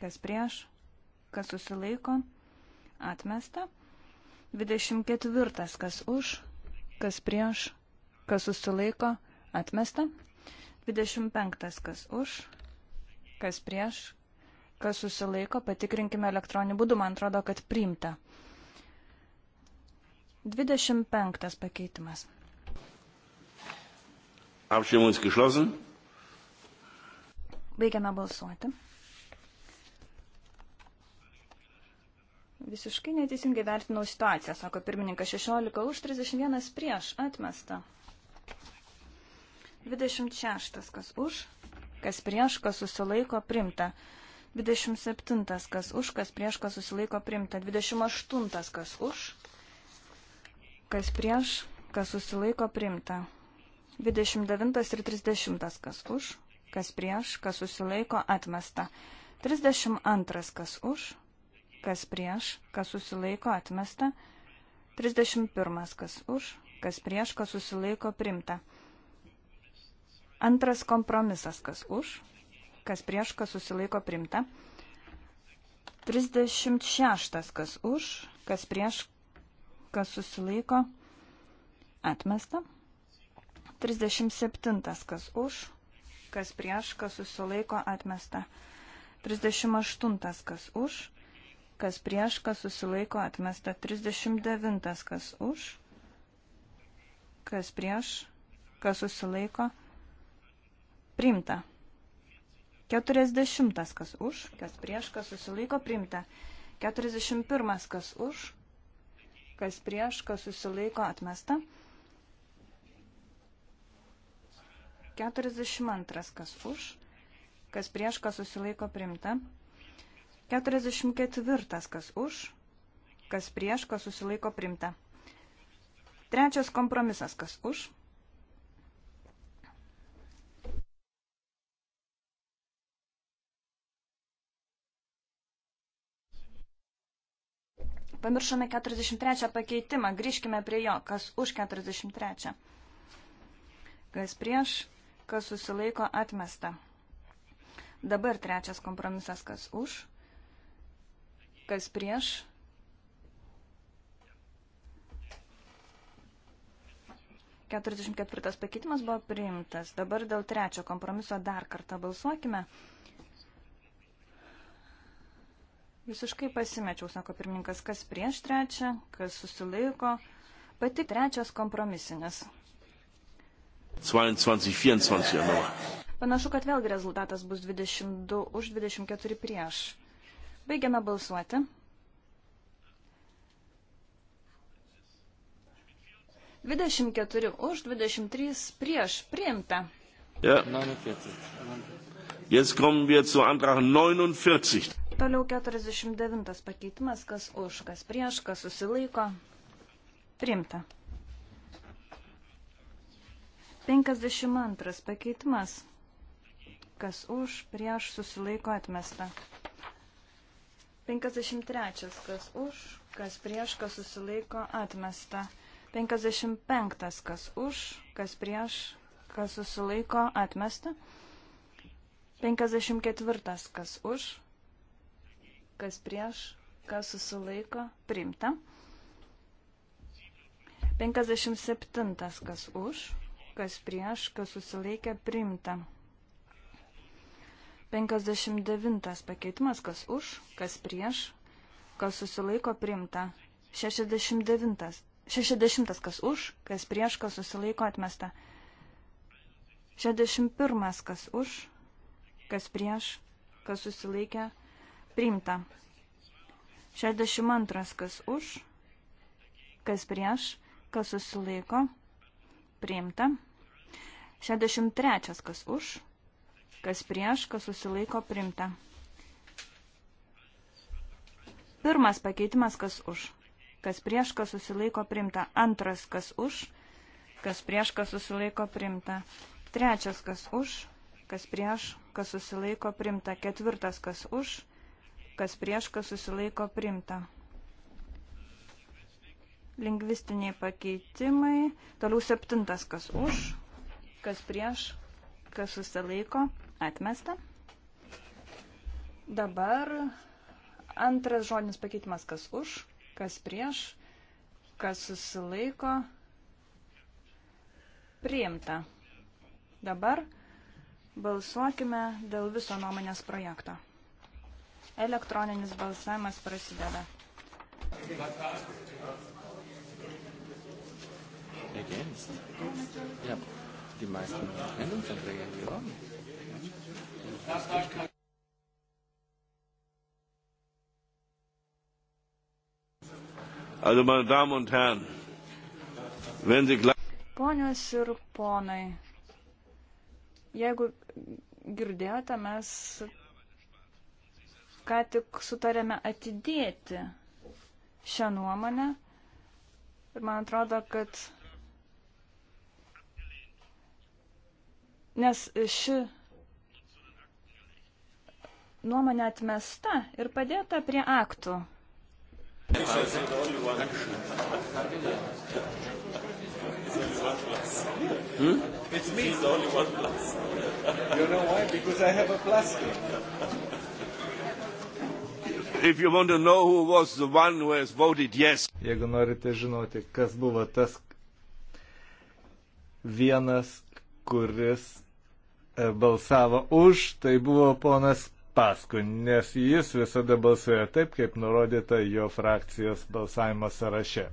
kas prieš, kas susilaiko atmesta. 24. kas už, kas prieš, kas susilaiko atmesta. 25. kas už, kas prieš, kas susilaiko, patikrinkime elektroniniu būdu, man atrodo, kad priimta. 25. pakeitimas. Abstimmung ist geschlossen. Baigiame balsuoti. Visiškai neteisingai vertinau situaciją, sako pirmininkas 16 už 31 prieš atmesta. 26 kas už, kas prieš, kas susilaiko primta. 27 kas už, kas prieš, kas susilaiko primta. 28 kas už, kas prieš, kas susilaiko primta. 29 ir 30 kas už, kas prieš, kas susilaiko atmesta. 32 kas už, kas prieš, kas susilaiko atmesta. 31 kas už, kas prieš, kas susilaiko primta. Antras kompromisas kas už, kas prieš, kas susilaiko primta. 36 kas už, kas prieš, kas susilaiko atmesta. 37. Kas už, kas prieš, kas susilaiko atmesta. 38. Kas už, kas prieš, kas susilaiko atmesta. 39. Kas už, kas prieš, kas susilaiko priimta. 40. Kas už, kas prieš, kas susilaiko priimta. 41. Kas už, kas prieš, kas susilaiko atmesta. 42 kas už, kas prieš, kas susilaiko priimta. 44 kas už, kas prieš, kas susilaiko priimta. Trečias kompromisas kas už. Pamiršome 43 pakeitimą, grįžkime prie jo, kas už 43. Kas prieš, kas susilaiko atmesta. Dabar trečias kompromisas, kas už, kas prieš. Keturiasdešimt ketvirtas pakeitimas buvo priimtas. Dabar dėl trečio kompromiso dar kartą balsuokime. Visiškai pasimečiau, sako pirmininkas, kas prieš trečią, kas susilaiko. Pati trečias kompromisinis. 22, 24 januarą. Panašu, kad vėlgi rezultatas bus 22 už 24 prieš. Baigiame balsuoti. 24 už 23 prieš priimta. Ja. Jetzt kommen wir zu Antrag 49. Toliau 49 pakeitimas, kas už, kas prieš, kas susilaiko. Priimta. 52 pakeitimas. Kas už, prieš, susilaiko atmesta. 53. Kas už, kas prieš, kas susilaiko atmesta. 55. Kas už, kas prieš, kas susilaiko atmesta. 54. Kas už, kas prieš, kas susilaiko priimta. 57. Kas už, kas prieš, kas susilaikė priimta. 59 pakeitimas, kas už, kas prieš, kas susilaiko priimta. 69, 60 kas už, kas prieš, kas susilaiko atmesta. 61 kas už, kas prieš, kas susilaikė priimta. 62 kas už, kas prieš, kas susilaiko priimta. 63. Kas už, kas prieš, kas susilaiko primta. Pirmas pakeitimas, kas už, kas prieš, kas susilaiko primta. Antras, kas už, kas prieš, kas susilaiko primta. Trečias, kas už, kas prieš, kas susilaiko primta. Ketvirtas, kas už, kas prieš, kas susilaiko primta. Lingvistiniai pakeitimai. Toliau septintas, kas už, kas prieš, kas susilaiko, atmesta. Dabar antras žodinis pakeitimas, kas už, kas prieš, kas susilaiko, priimta. Dabar balsuokime dėl viso nuomonės projekto. Elektroninis balsavimas prasideda. Against. Yep. Die meisten Änderungsanträge haben wir auch nicht. Also, meine Damen und Herren, wenn Sie gleich. Ponios ir ponai, jeigu girdėjote, mes ką tik sutarėme atidėti šią nuomonę ir man atrodo, kad nes ši nuomonė atmesta ir padėta prie aktų. Hmm? It's me. It's only one plus. you know why? Because I have a plus If you want to know who was the one who has voted yes. Jeigu norite žinoti, kas buvo tas vienas, kuris balsavo už, tai buvo ponas Pasku, nes jis visada balsuoja taip, kaip nurodyta jo frakcijos balsavimo sąraše.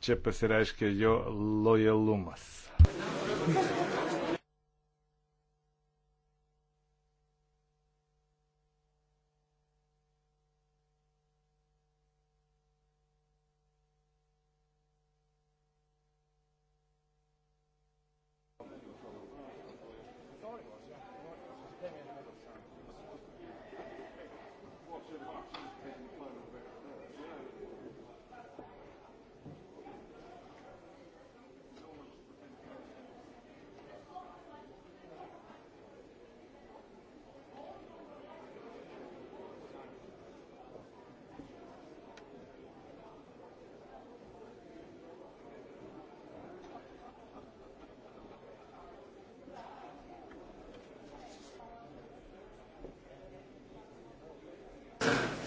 Čia pasireiškia jo lojalumas.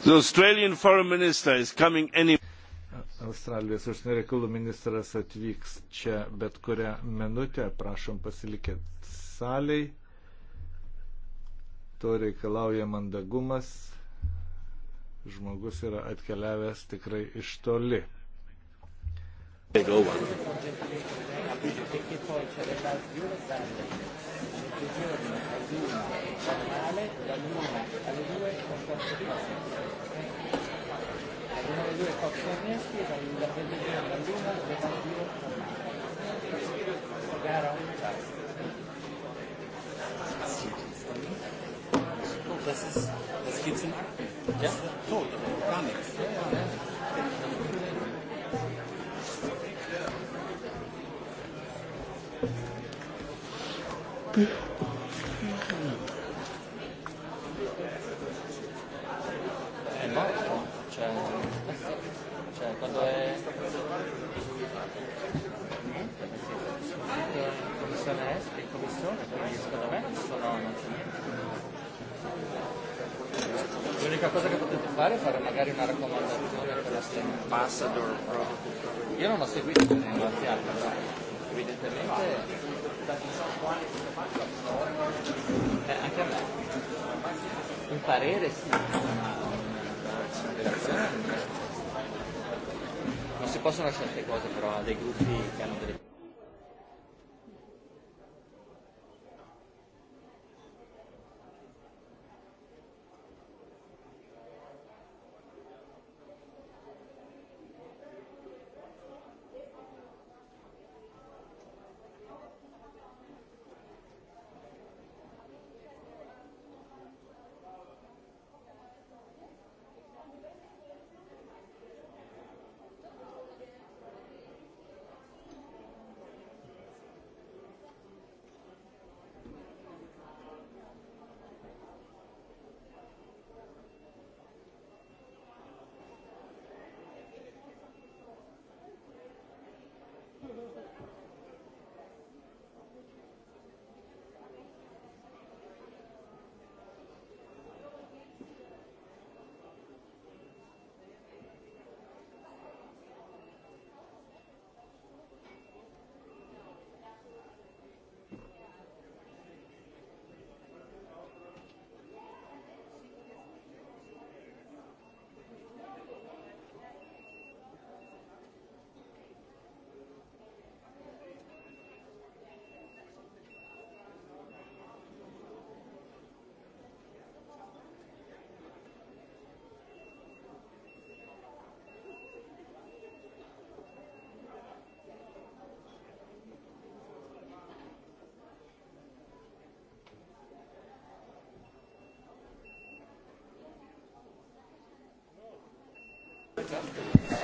The Australian foreign minister is coming any... Australijos užsienio reikalų ministras atvyks čia bet kurią minutę, prašom pasilikėt saliai. To reikalauja mandagumas. Žmogus yra atkeliavęs tikrai iš toli. Take over tutti i giorni alle 1 normale, dalle 1 alle 2 con quattro cose. Dalle 1 alle 2 quattro arresti e dalle 20 giorni all'1 alle 2 normale. Gara? Ciao. Das ist, das geht zum Akten. Ja? Tot. Gar nichts. Ja, ja. parere sì. Non si possono lasciare queste cose però a dei gruppi che hanno delle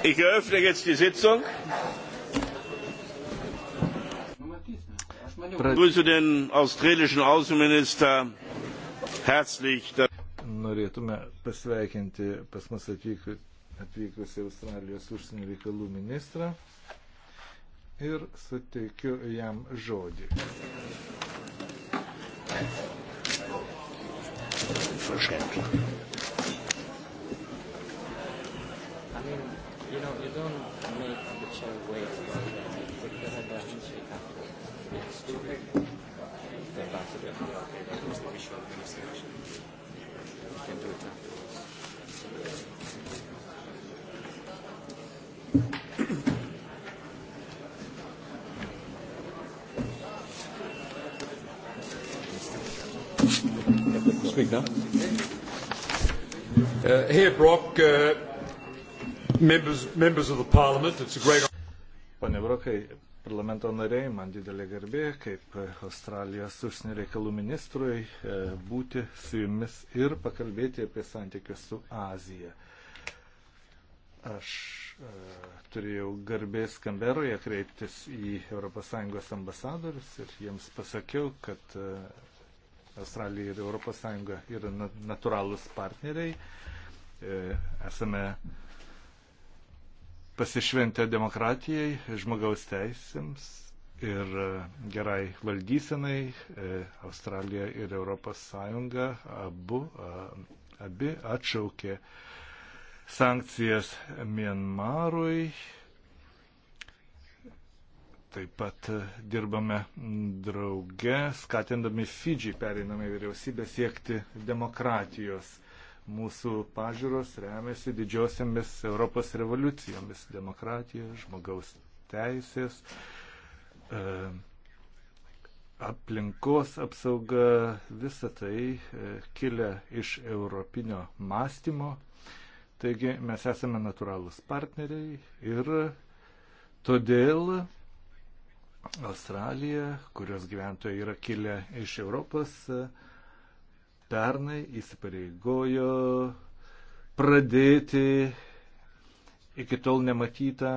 Ich eröffne jetzt die Sitzung. Ich begrüße den australischen Außenminister herzlich. Norėtume pasveikinti pas mus atvykusi Australijos užsienio reikalų ministrą ir suteikiu jam žodį. Verständlich. Speak now. Uh, here, Brock, uh, members, members of the Parliament, it's a great Brokai, parlamento nariai, man didelė garbė, kaip Australijos užsienio reikalų ministrui, e, būti su jumis ir pakalbėti apie santykius su Azija. Aš e, turėjau garbės Kamberoje kreiptis į ES ambasadorius ir jiems pasakiau, kad e, Australija ir ES yra na, natūralūs partneriai. E, esame e, pasišventę demokratijai, žmogaus teisėms ir e, gerai valdysenai. E, Australija ir Europos Sąjunga abu, abi atšaukė sankcijas Mienmarui. Taip pat e, dirbame drauge, skatindami Fidžį pereinamą vyriausybę siekti demokratijos. Mūsų pažiūros remiasi didžiosiamis Europos revoliucijomis - demokratija, žmogaus teisės, e, aplinkos apsauga, visa tai e, kilia iš europinio mąstymo. Taigi mes esame natūralūs partneriai ir todėl Australija, kurios gyventojai yra kilę iš Europos, pernai įsipareigojo pradėti iki tol nematytą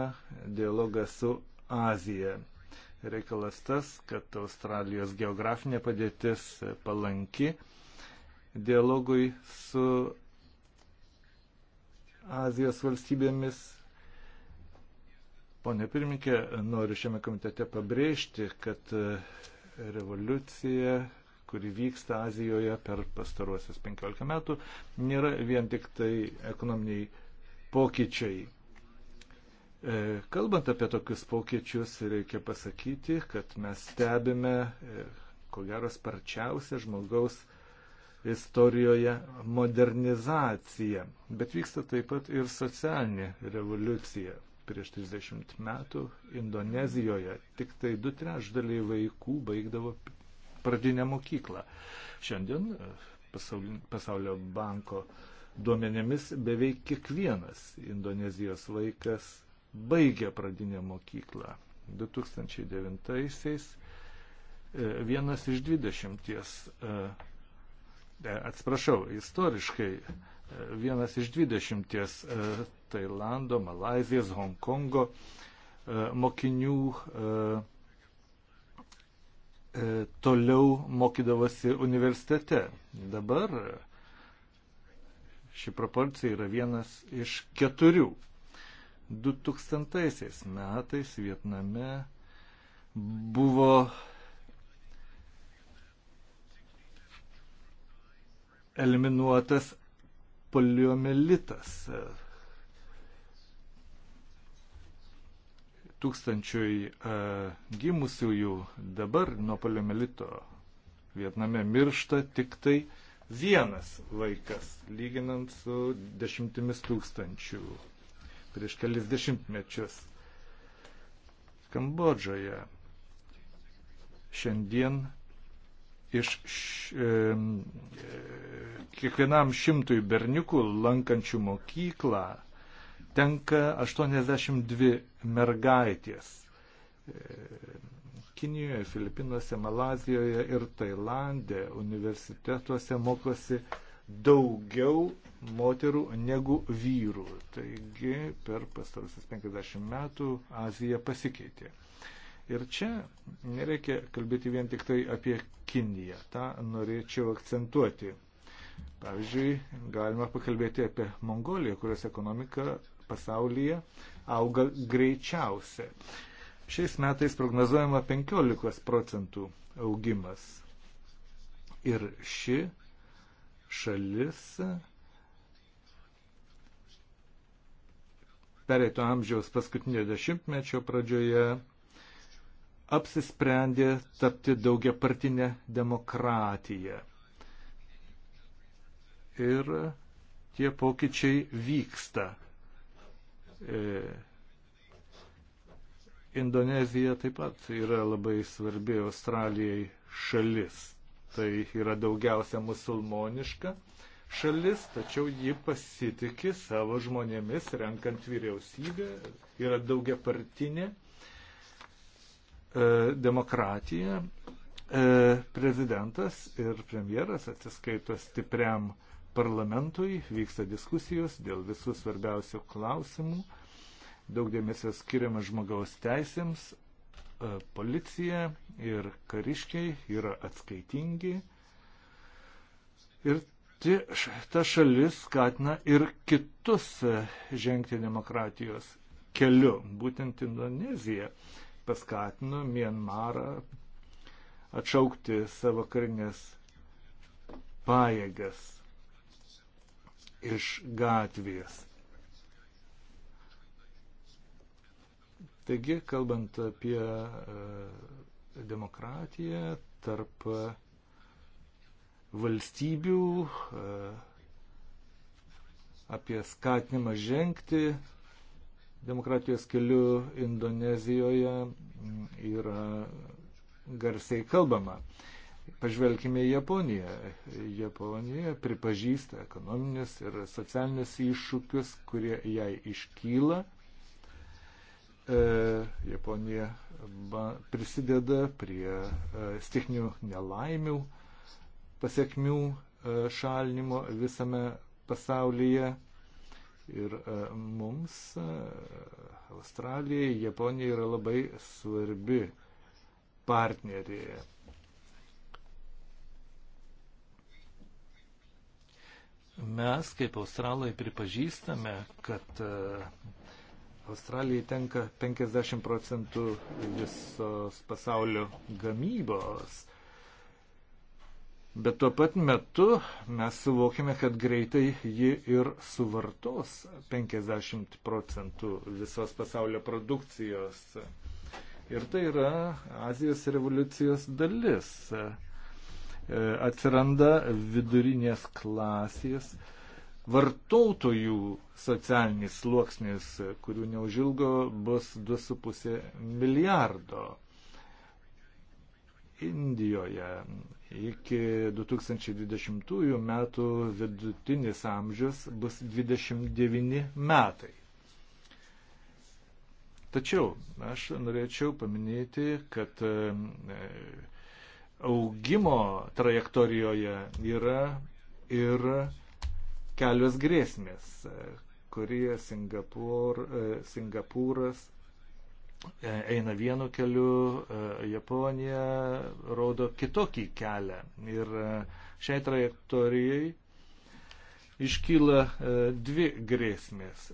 dialogą su Azija. Reikalas tas, kad Australijos geografinė padėtis palanki dialogui su Azijos valstybėmis. Pone pirmininkė, noriu šiame komitete pabrėžti, kad revoliucija kuri vyksta Azijoje per pastaruosius 15 metų, nėra vien tik tai ekonominiai pokyčiai. E, kalbant apie tokius pokyčius, reikia pasakyti, kad mes stebime, e, ko gero, sparčiausią žmogaus istorijoje modernizacija, bet vyksta taip pat ir socialinė revoliucija. Prieš 30 metų Indonezijoje tik tai du trešdaliai vaikų baigdavo pradinę mokyklą. Šiandien e, pasaulio banko duomenėmis beveik kiekvienas Indonezijos vaikas baigė pradinę mokyklą. 2009-aisiais e, vienas iš dvidešimties, e, atsiprašau, istoriškai vienas iš dvidešimties Tailando, Malazijos, Hongkongo mokinių E, toliau mokydavosi universitete. Dabar ši proporcija yra vienas iš keturių. 2000 metais Vietname buvo eliminuotas poliomielitas. tūkstančiui e, gimusiųjų dabar nuo poliomelito Vietname miršta tik tai vienas vaikas, lyginant su dešimtimis tūkstančių prieš kelis dešimtmečius. Kambodžoje šiandien iš š, e, kiekvienam šimtui berniukų lankančių mokyklą tenka 82 mergaitės. E, Kinijoje, Filipinuose, Malazijoje ir Tailandė universitetuose mokosi daugiau moterų negu vyrų. Taigi per pastarusius 50 metų Azija pasikeitė. Ir čia nereikia kalbėti vien tik tai apie Kiniją. Ta norėčiau akcentuoti. Pavyzdžiui, galima pakalbėti apie Mongoliją, kurios ekonomika pasaulyje auga greičiausia. Šiais metais prognozuojama 15 procentų augimas. Ir ši šalis pereito amžiaus paskutinio dešimtmečio pradžioje apsisprendė tapti daugiapartinę demokratiją. Ir tie pokyčiai vyksta E, Indonezija taip pat yra labai svarbi Australijai šalis. Tai yra daugiausia musulmoniška šalis, tačiau ji pasitikė savo žmonėmis, renkant vyriausybę, yra daugia partinė e, demokratija. E, prezidentas ir premjeras atsiskaito stipriam e, parlamentui, vyksta diskusijos dėl visų svarbiausių klausimų, daug dėmesio skiriama žmogaus teisėms, e, policija ir kariškiai yra atskaitingi ir ti, ta šalis skatina ir kitus e, žengti demokratijos keliu, būtent Indonezija paskatino Mienmarą atšaukti savo karinės pajėgas iš gatvės. Taigi, kalbant apie e, demokratiją tarp e, valstybių, e, apie skatinimą žengti demokratijos keliu Indonezijoje yra garsiai kalbama. Pažvelkime į Japoniją. Japonija pripažįsta ekonominius ir socialinius iššūkius, kurie jai iškyla. E, Japonija prisideda prie e, stichnių nelaimių pasiekmių e, šalinimo visame pasaulyje. Ir mums Australija, Japonija yra labai svarbi partnerė. Mes, kaip australai, pripažįstame, kad e, Australijai tenka 50 procentų visos pasaulio gamybos. Bet tuo pat metu mes suvokime, kad greitai ji ir suvartos 50 procentų visos pasaulio produkcijos. Ir tai yra Azijos revoliucijos dalis. E, atsiranda vidurinės klasės vartotojų socialinis sluoksnis, kurių neužilgo bus 2,5 milijardo. Indijoje iki 2020 metų vidutinis amžius bus 29 metai. Tačiau aš norėčiau paminėti, kad e, augimo trajektorijoje yra ir kelios grėsmės. Korija, Singapur, e, Singapūras e, eina vienu keliu, e, Japonija rodo kitokį kelią. Ir šiai trajektorijai iškyla dvi grėsmės.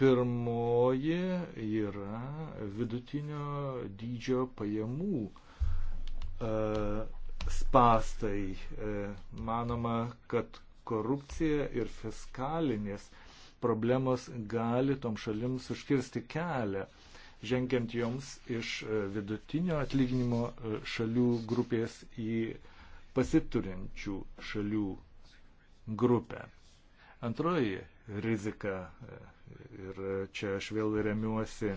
Pirmoji yra vidutinio dydžio pajamų E, spastai. E, manoma, kad korupcija ir fiskalinės problemos gali tom šalims užkirsti kelią, žengiant joms iš e, vidutinio atlyginimo šalių grupės į pasiturinčių šalių grupę. Antroji rizika, ir čia aš vėl remiuosi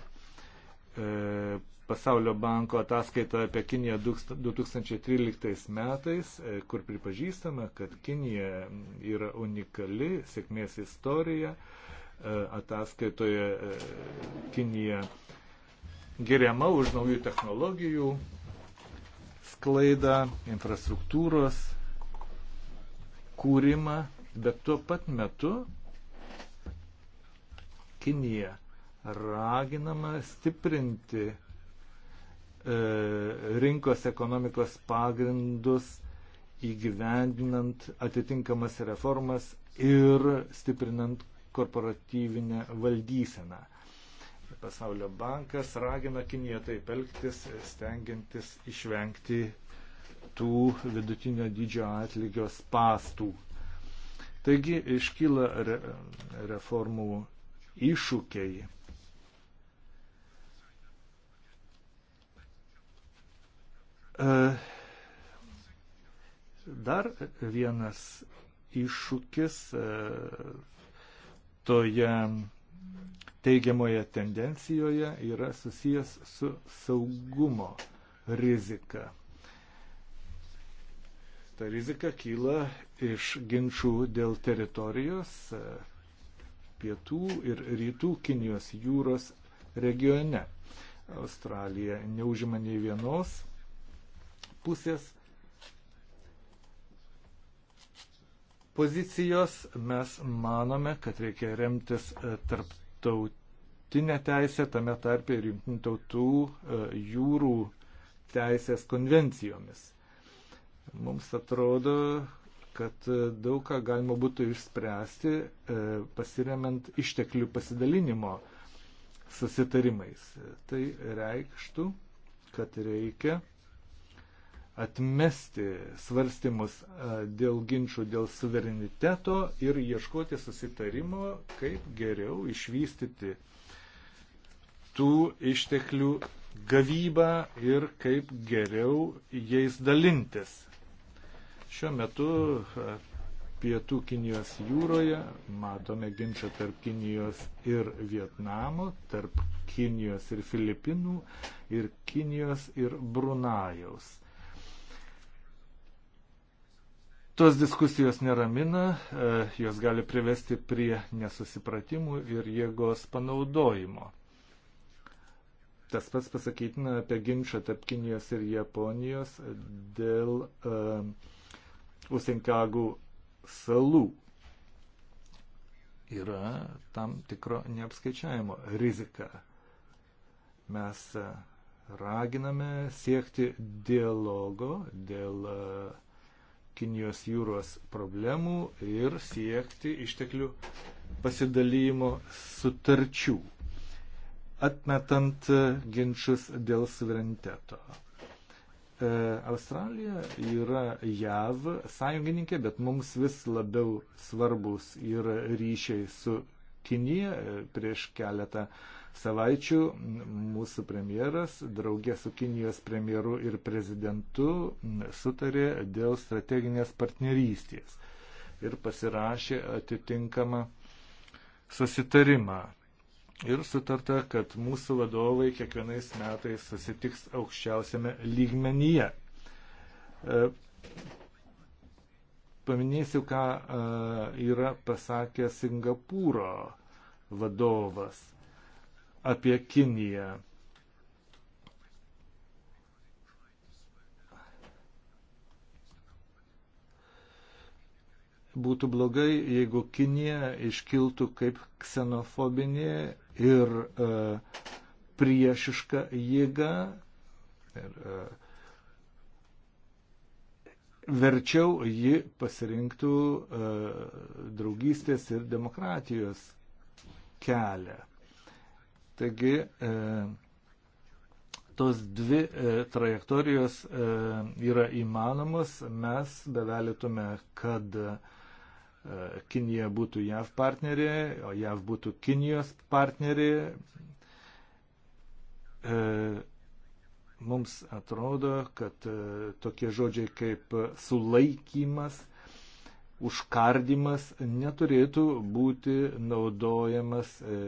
Pasaulio banko ataskaitoje apie Kiniją 2013 metais, e, kur pripažįstame, kad Kinija yra unikali sėkmės istorija. E, ataskaitoje e, Kinija geriama už naujų technologijų sklaidą, infrastruktūros kūrimą, bet tuo pat metu Kinija raginama stiprinti E, rinkos ekonomikos pagrindus įgyvendinant atitinkamas reformas ir stiprinant korporatyvinę valdyseną. Pasaulio bankas ragina Kiniją taip elgtis, stengiantis išvengti tų vidutinio dydžio atlygio spastų. Taigi iškyla re, reformų iššūkiai E, dar vienas iššūkis e, toje teigiamoje tendencijoje yra susijęs su saugumo rizika. Ta rizika kyla iš ginčių dėl teritorijos e, pietų ir rytų Kinijos jūros regione. Australija neužima nei vienos pusės pozicijos mes manome, kad reikia remtis e, tarptautinę teisę, tame tarpe ir jungtinių tautų e, jūrų teisės konvencijomis. Mums atrodo, kad e, daug ką galima būtų išspręsti pasiremiant išteklių pasidalinimo susitarimais. Tai reikštų, kad reikia atmesti svarstymus e, dėl ginčių dėl suvereniteto ir ieškoti susitarimo, kaip geriau išvystyti tų išteklių gavybą ir kaip geriau jais dalintis. Šiuo metu e, pietų Kinijos jūroje matome ginčą tarp Kinijos ir Vietnamo, tarp Kinijos ir Filipinų ir Kinijos ir Brunajaus. Tos diskusijos neramina, e, jos gali privesti prie nesusipratimų ir jėgos panaudojimo. Tas pats pasakytina apie ginčą tarp Kinijos ir Japonijos dėl uh, Usinkagų salų. Yra tam tikro neapskaičiavimo rizika. Mes e, raginame siekti dialogo dėl uh, Kinijos jūros problemų ir siekti išteklių pasidalymo sutarčių, atmetant ginčius dėl suvereniteto. E, Australija yra JAV sąjungininkė, bet mums vis labiau svarbus yra ryšiai su Kinija. E, prieš keletą uh, savaičių mūsų premjeras draugė su Kinijos premjeru ir prezidentu sutarė dėl strateginės partnerystės ir pasirašė atitinkamą susitarimą. Ir sutarta, kad mūsų vadovai kiekvienais metais susitiks aukščiausiame lygmenyje. E, paminėsiu, ką e, yra pasakęs Singapūro vadovas apie Kiniją. Būtų blogai, jeigu Kinija iškiltų kaip ksenofobinė ir e, priešiška jėga. Ir, e, verčiau ji pasirinktų e, draugystės ir demokratijos kelią. Taigi e, tos dvi e, trajektorijos e, yra įmanomos. Mes bevelėtume, kad e, Kinija būtų JAV partnerė, o JAV būtų Kinijos partnerė. E, mums atrodo, kad e, tokie žodžiai kaip sulaikymas užkardimas neturėtų būti naudojamas e,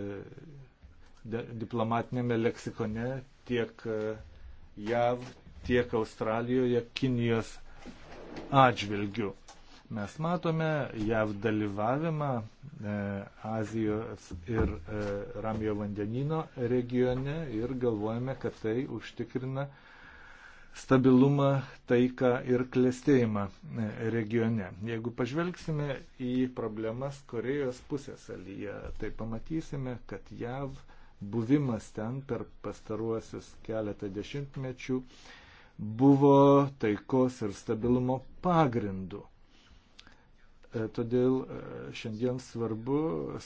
diplomatinėme leksikone tiek e, JAV, tiek Australijoje, Kinijos atžvilgių. Mes matome JAV dalyvavimą e, Azijos ir e, Ramijo vandenino regione ir galvojame, kad tai užtikrina stabilumą, taiką ir klėstėjimą e, regione. Jeigu pažvelgsime į problemas Korejos pusėsalyje, tai pamatysime, kad JAV e, buvimas ten per pastaruosius keletą dešimtmečių buvo taikos ir stabilumo pagrindu. E, todėl e, šiandien svarbu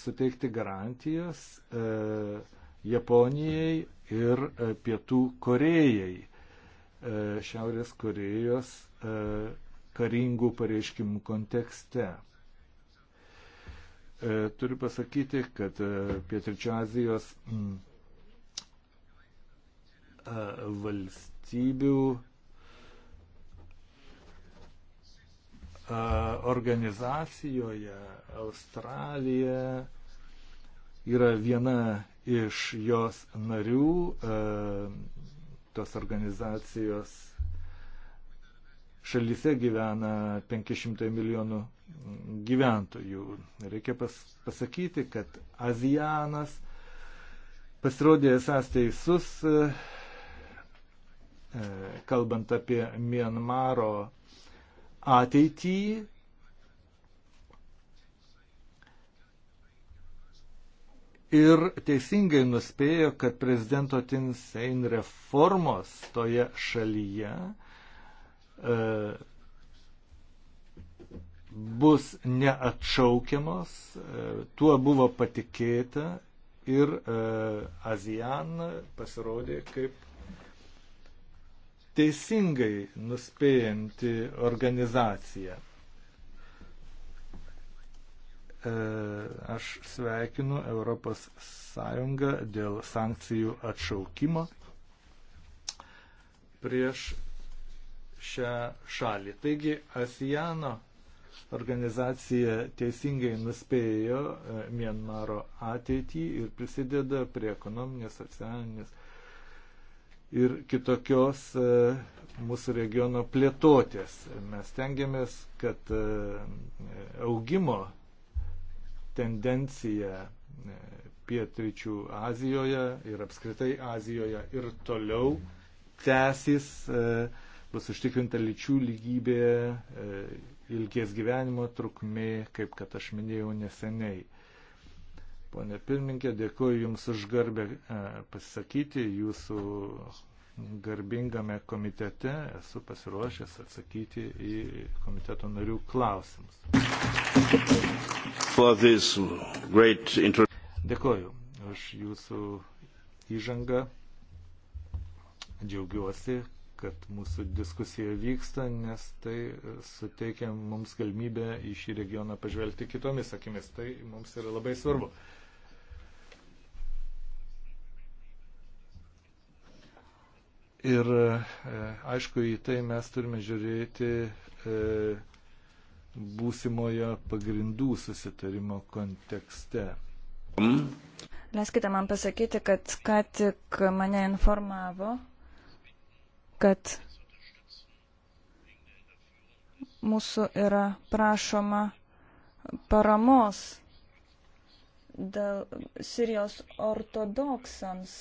suteikti garantijas e, Japonijai ir Pietų Korejai. Šiaurės Korejos karingų pareiškimų kontekste. E, turiu pasakyti, kad e, Pietričio Azijos mm, e, valstybių organizacijoje Australija yra viena iš jos narių, tos organizacijos šalyse gyvena 500 milijonų gyventojų. Reikia pas, pasakyti, kad Azijanas pasirodė esas teisus, e, e, kalbant apie Mienmaro ateitį. Ir teisingai nuspėjo, kad prezidento Tinsein reformos toje šalyje e, bus neatšaukiamos, e, tuo buvo patikėta ir e, ASEAN pasirodė kaip teisingai nuspėjanti organizacija. E, aš sveikinu Europos Sąjungą dėl sankcijų atšaukimo prieš šią šalį. Taigi ASEANO organizacija teisingai nuspėjo e, Mienmaro ateitį ir prisideda prie ekonominės, socialinės ir kitokios e, mūsų regiono plėtotės. Mes tengiamės, kad e, augimo tendencija pietryčių Azijoje ir apskritai Azijoje ir toliau tęsis, bus užtikrinta lyčių lygybė ilgės gyvenimo trukmė, kaip kad aš minėjau neseniai. Pone pirmininkė, dėkuoju Jums už garbę e, pasisakyti Jūsų garbingame komitete. Esu pasiruošęs atsakyti į komiteto narių klausimus. Dėkuoju už Jūsų įžangą. Džiaugiuosi, kad mūsų diskusija vyksta, nes tai suteikia mums galimybę į šį regioną pažvelgti kitomis akimis. Tai mums yra labai svarbu. Ir e, aišku, į tai mes turime žiūrėti e, būsimojo pagrindų susitarimo kontekste. Leiskite man pasakyti, kad ką tik mane informavo kad mūsų yra prašoma paramos dėl Sirijos ortodoksams.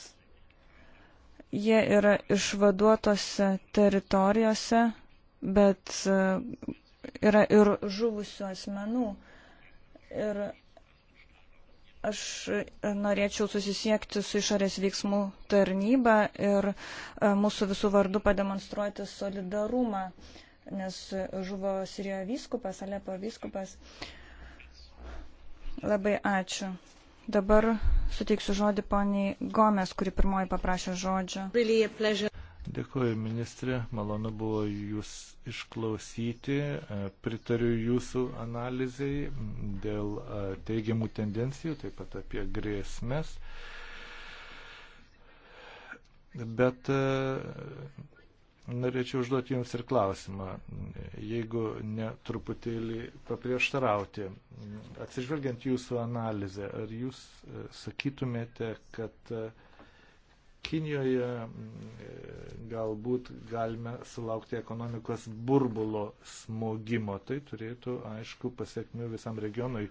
Jie yra išvaduotose teritorijose, bet e, yra ir žuvusių asmenų. Ir Aš e, norėčiau susisiekti su išorės veiksmų tarnyba ir e, mūsų visų vardu pademonstruoti solidarumą, nes žuvo Sirijoje vyskupas, Alepo vyskupas. Labai ačiū. Dabar suteiksiu žodį poniai Gomes, kuri pirmoji paprašė žodžio. Really Dėkuoju, ministrė, malonu buvo jūs išklausyti, e, pritariu jūsų analizai dėl e, teigiamų tendencijų, taip pat apie grėsmės. Bet e, norėčiau užduoti Jums ir klausimą, jeigu ne truputėlį paprieštarauti. Atsižvelgiant Jūsų analizę, ar Jūs sakytumėte, kad Kinijoje mm, e, galbūt galime sulaukti ekonomikos burbulo smogimo. Tai turėtų, aišku, pasiekmių visam regionui,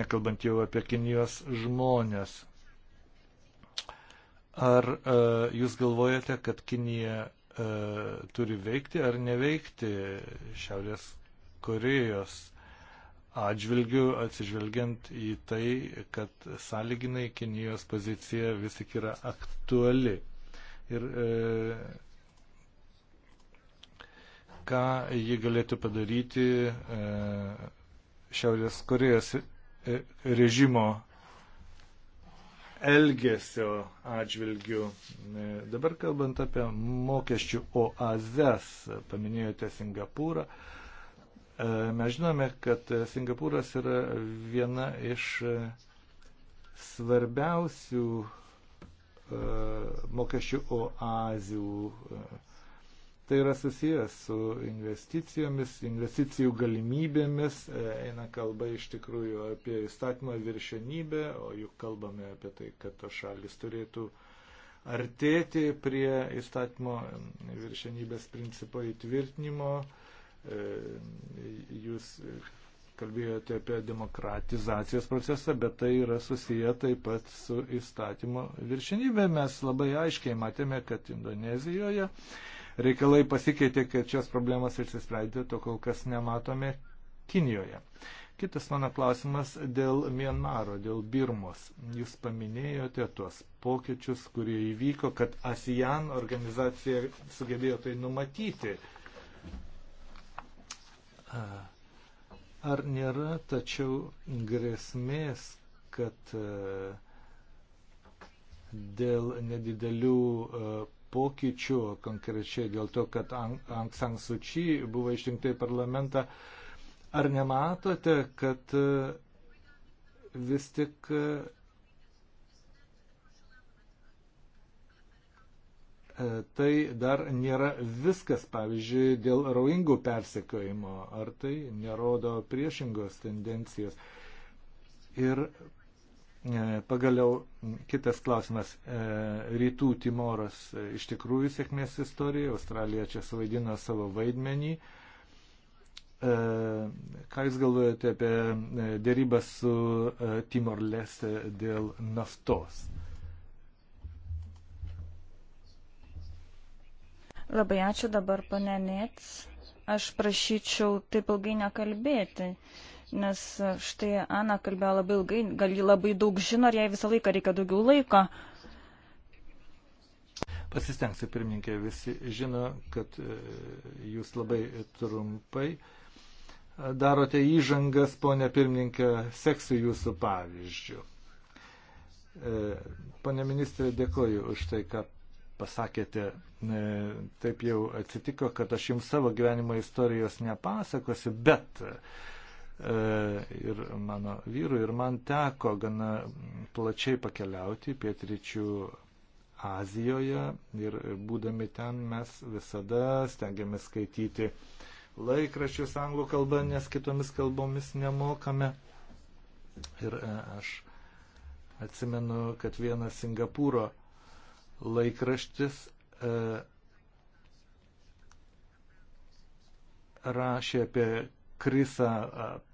nekalbant jau apie Kinijos žmonės. Ar e, jūs galvojate, kad Kinija e, turi veikti ar neveikti Šiaurės Korejos atžvilgių, atsižvelgiant į tai, kad sąlyginai Kinijos pozicija vis tik yra aktuali. Ir e, ką ji galėtų padaryti e, Šiaurės Korejos e, režimo elgesio atžvilgių. E, dabar kalbant apie mokesčių oazes, paminėjote Singapūrą. E, E, mes žinome, kad Singapūras yra viena iš e, svarbiausių e, mokesčių oazių. Tai yra susijęs su investicijomis, investicijų galimybėmis, eina kalba iš tikrųjų apie įstatymą viršenybę, o juk kalbame apie tai, kad tos šalis turėtų artėti prie įstatymo viršenybės principo įtvirtinimo. E, E, jūs kalbėjote apie demokratizacijos procesą, bet tai yra susiję taip pat su įstatymo viršinybė. Mes labai aiškiai matėme, kad Indonezijoje reikalai pasikeitė, kad šios problemas išsisprendė, to kol kas nematome Kinijoje. Kitas mano klausimas dėl Mienmaro, dėl Birmos. Jūs paminėjote tuos pokyčius, kurie įvyko, kad ASEAN organizacija sugebėjo tai numatyti. Uh, Ar nėra tačiau grėsmės, kad e, dėl nedidelių e, pokyčių, konkrečiai dėl to, kad Aung San Suu Kyi buvo išrinkta į parlamentą, ar nematote, kad e, vis tik E, tai dar nėra viskas, pavyzdžiui, dėl rauingų persekiojimo, ar tai nerodo priešingos tendencijos. Ir e, pagaliau kitas klausimas, e, rytų Timoras iš tikrųjų sėkmės istorija, Australija čia suvaidino savo vaidmenį. Ką Jūs galvojate apie dėrybą su Timor Leste dėl naftos? Labai ačiū dabar, pane Nėts. Aš prašyčiau taip ilgai nekalbėti, nes štai Ana kalbėjo labai ilgai, gal ji labai daug žino ir jai visą laiką reikia daugiau laiko. Pasistengsiu, pirmininkė, visi žino, kad e, jūs labai trumpai e, darote įžangas, ponė pirmininkė, seksiu jūsų pavyzdžių. E, pane ministrė, dėkoju už tai, ką pasakėte, e, taip jau atsitiko, kad aš jums savo gyvenimo istorijos nepasakosiu, bet e, ir mano vyrui, ir man teko gana plačiai pakeliauti pietryčių Azijoje ir būdami ten mes visada stengiamės skaityti laikraščius anglų kalbą, nes kitomis kalbomis nemokame. Ir e, aš atsimenu, kad vienas Singapūro laikraštis e, rašė apie Krisą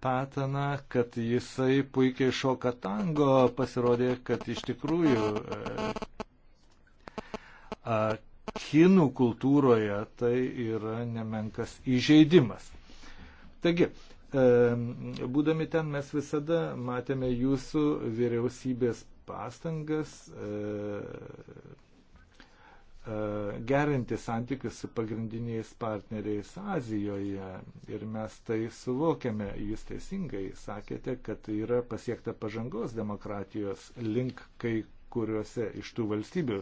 Pataną, e, kad jisai puikiai šoka tango, pasirodė, kad iš tikrųjų e, kinų kultūroje tai yra nemenkas įžeidimas. Taigi, būdami ten mes visada matėme jūsų vyriausybės pastangas E, gerinti santykius su pagrindiniais partneriais Azijoje. Ir mes tai suvokiame, jūs teisingai sakėte, kad yra pasiekta pažangos demokratijos link kai kuriuose iš tų valstybių,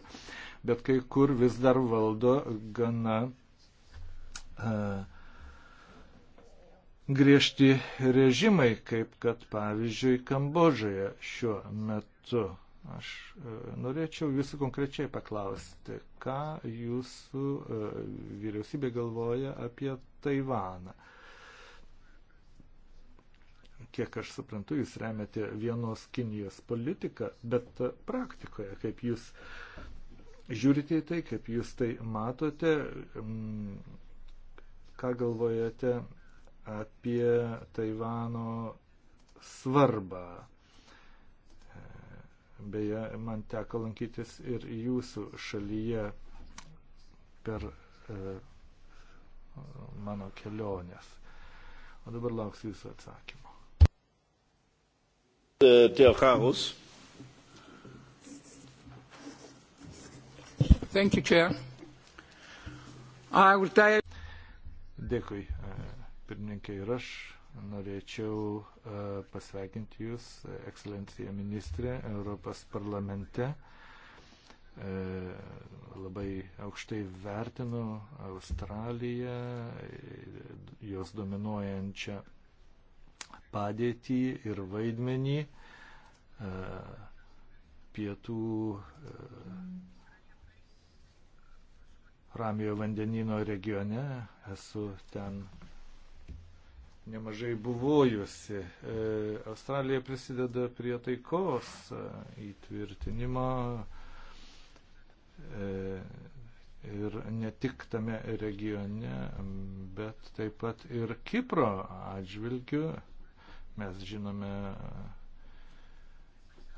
bet kai kur vis dar valdo gana uh, griežti režimai, kaip kad pavyzdžiui Kambodžoje šiuo metu. Uh, Aš e, norėčiau jūsų konkrečiai paklausti, ką jūsų e, vyriausybė galvoja apie Taivaną. Kiek aš suprantu, jūs remiate vienos Kinijos politiką, bet praktikoje, kaip jūs žiūrite į tai, kaip jūs tai matote, mm, ką galvojate apie Taivano svarbą Beje, man teko lankytis ir jūsų šalyje per e, mano kelionės. O dabar lauksiu jūsų atsakymo. Teokarus. Thank you, Chair. I will tell... Dėkui, e, pirmininkai, ir aš Norėčiau e, pasveikinti Jūs, ekscelencija ministrė, Europos parlamente. E, labai aukštai vertinu Australiją, jos dominuojančią padėtį ir vaidmenį e, pietų Ramijo vandenino regione. Esu ten nemažai buvojusi. E, Australija prisideda prie taikos e, įtvirtinimo e, ir ne tik tame regione, bet taip pat ir Kipro atžvilgiu. Mes žinome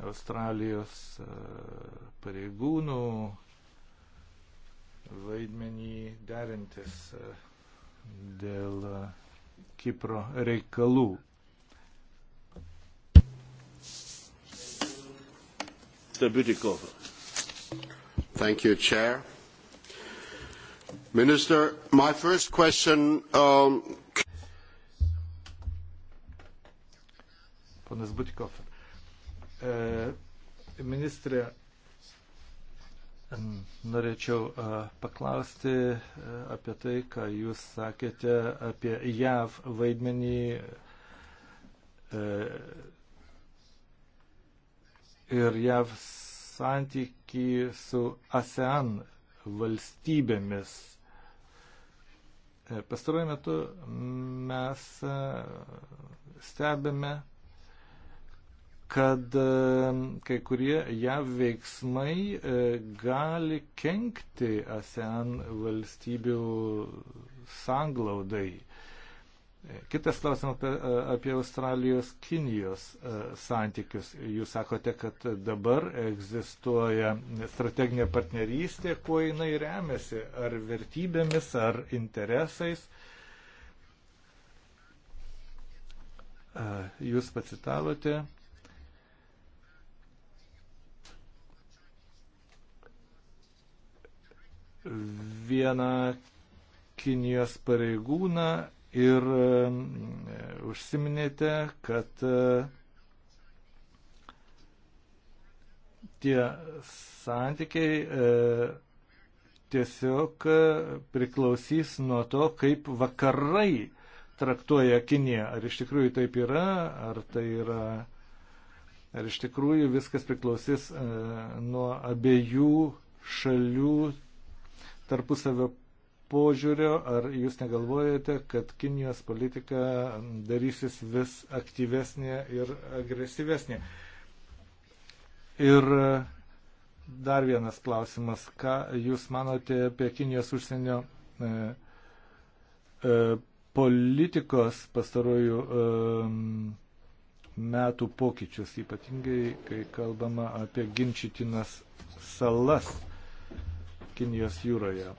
Australijos pareigūnų vaidmenį derintis dėl Kipro reikalų. Thank you, Chair. Minister, my first question. Um... Ponas Butikofer. E, ministrė, Norėčiau e, paklausti e, apie tai, ką Jūs sakėte apie JAV vaidmenį e, ir JAV santyki su ASEAN valstybėmis. Pastaruoju metu mes stebime kad e, kai kurie JAV veiksmai e, gali kenkti ASEAN valstybių sanglaudai. E, kitas klausimas apie, apie Australijos Kinijos santykius. Jūs sakote, kad dabar egzistuoja strateginė partnerystė, kuo jinai remiasi, ar vertybėmis, ar interesais. Jūs pacitavote vieną Kinijos pareigūną ir užsiminėte, kad e, tie santykiai e, tiesiog e, priklausys nuo to, kaip vakarai traktuoja Kiniją. Ar iš tikrųjų taip yra, ar tai yra, ar iš tikrųjų viskas priklausys nuo abiejų šalių tarpusavio požiūrio, ar jūs negalvojate, kad Kinijos politika darysis vis aktyvesnė ir agresyvesnė? Ir e, dar vienas klausimas, ką jūs manote apie Kinijos užsienio e, e, politikos pastarojų e, metų pokyčius, ypatingai kai kalbama apie ginčytinas salas? Kinijos jūroje.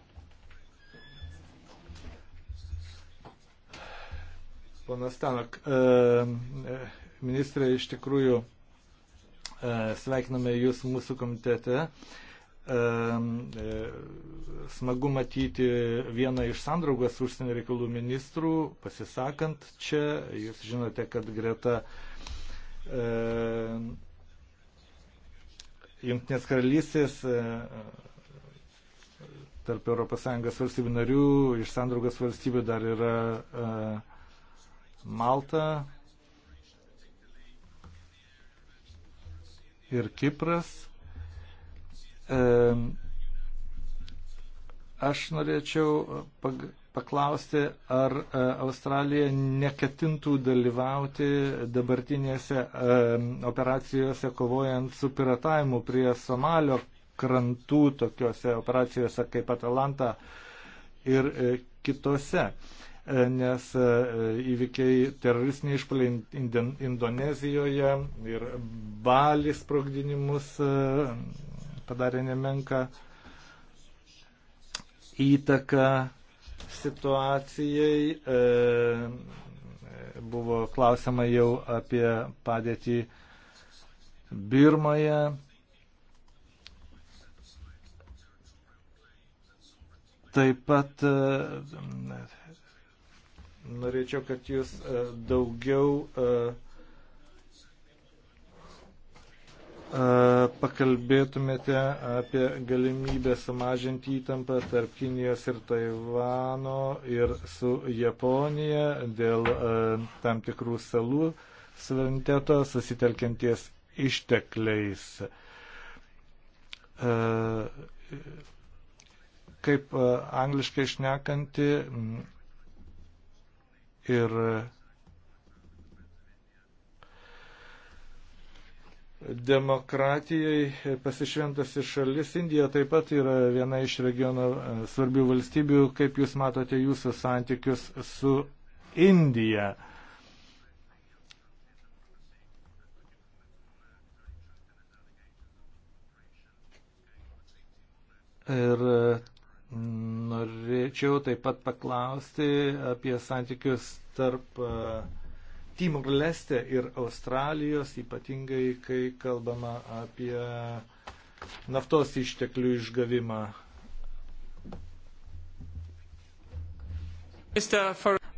Ponas Stanok, e, e, ministrė, iš tikrųjų e, sveikiname Jūs mūsų komitete. Smagu matyti vieną iš sandraugos užsienio reikalų ministrų pasisakant čia. Jūs žinote, kad greta Junktinės karalystės tarp ES valstybių narių, iš sandraugas valstybių dar yra e, Malta ir Kipras. E, aš norėčiau pag, paklausti, ar e, Australija neketintų dalyvauti dabartinėse e, operacijose kovojant su piratavimu prie Somalio krantų tokiuose operacijose kaip Atalanta ir e, kitose, e, nes e, įvykiai teroristiniai išpaliai Indonezijoje ir balį sprogdinimus padarė nemenka įtaką situacijai. Buvo klausima jau apie padėtį Birmoje. Taip pat e, norėčiau, kad jūs e, daugiau e, pakalbėtumėte apie galimybę sumažinti įtampą tarp Kinijos ir Taivano ir su Japonija dėl tam tikrų salų suvereniteto susitelkianties ištekliais kaip e, angliškai šnekanti ir demokratijai pasišventusi šalis. Indija taip pat yra viena iš regiono e, svarbių valstybių. Kaip Jūs matote Jūsų santykius su Indija? Ir Norėčiau taip pat paklausti apie santykius tarp e, Timor Leste ir Australijos, ypatingai kai kalbama apie naftos išteklių išgavimą.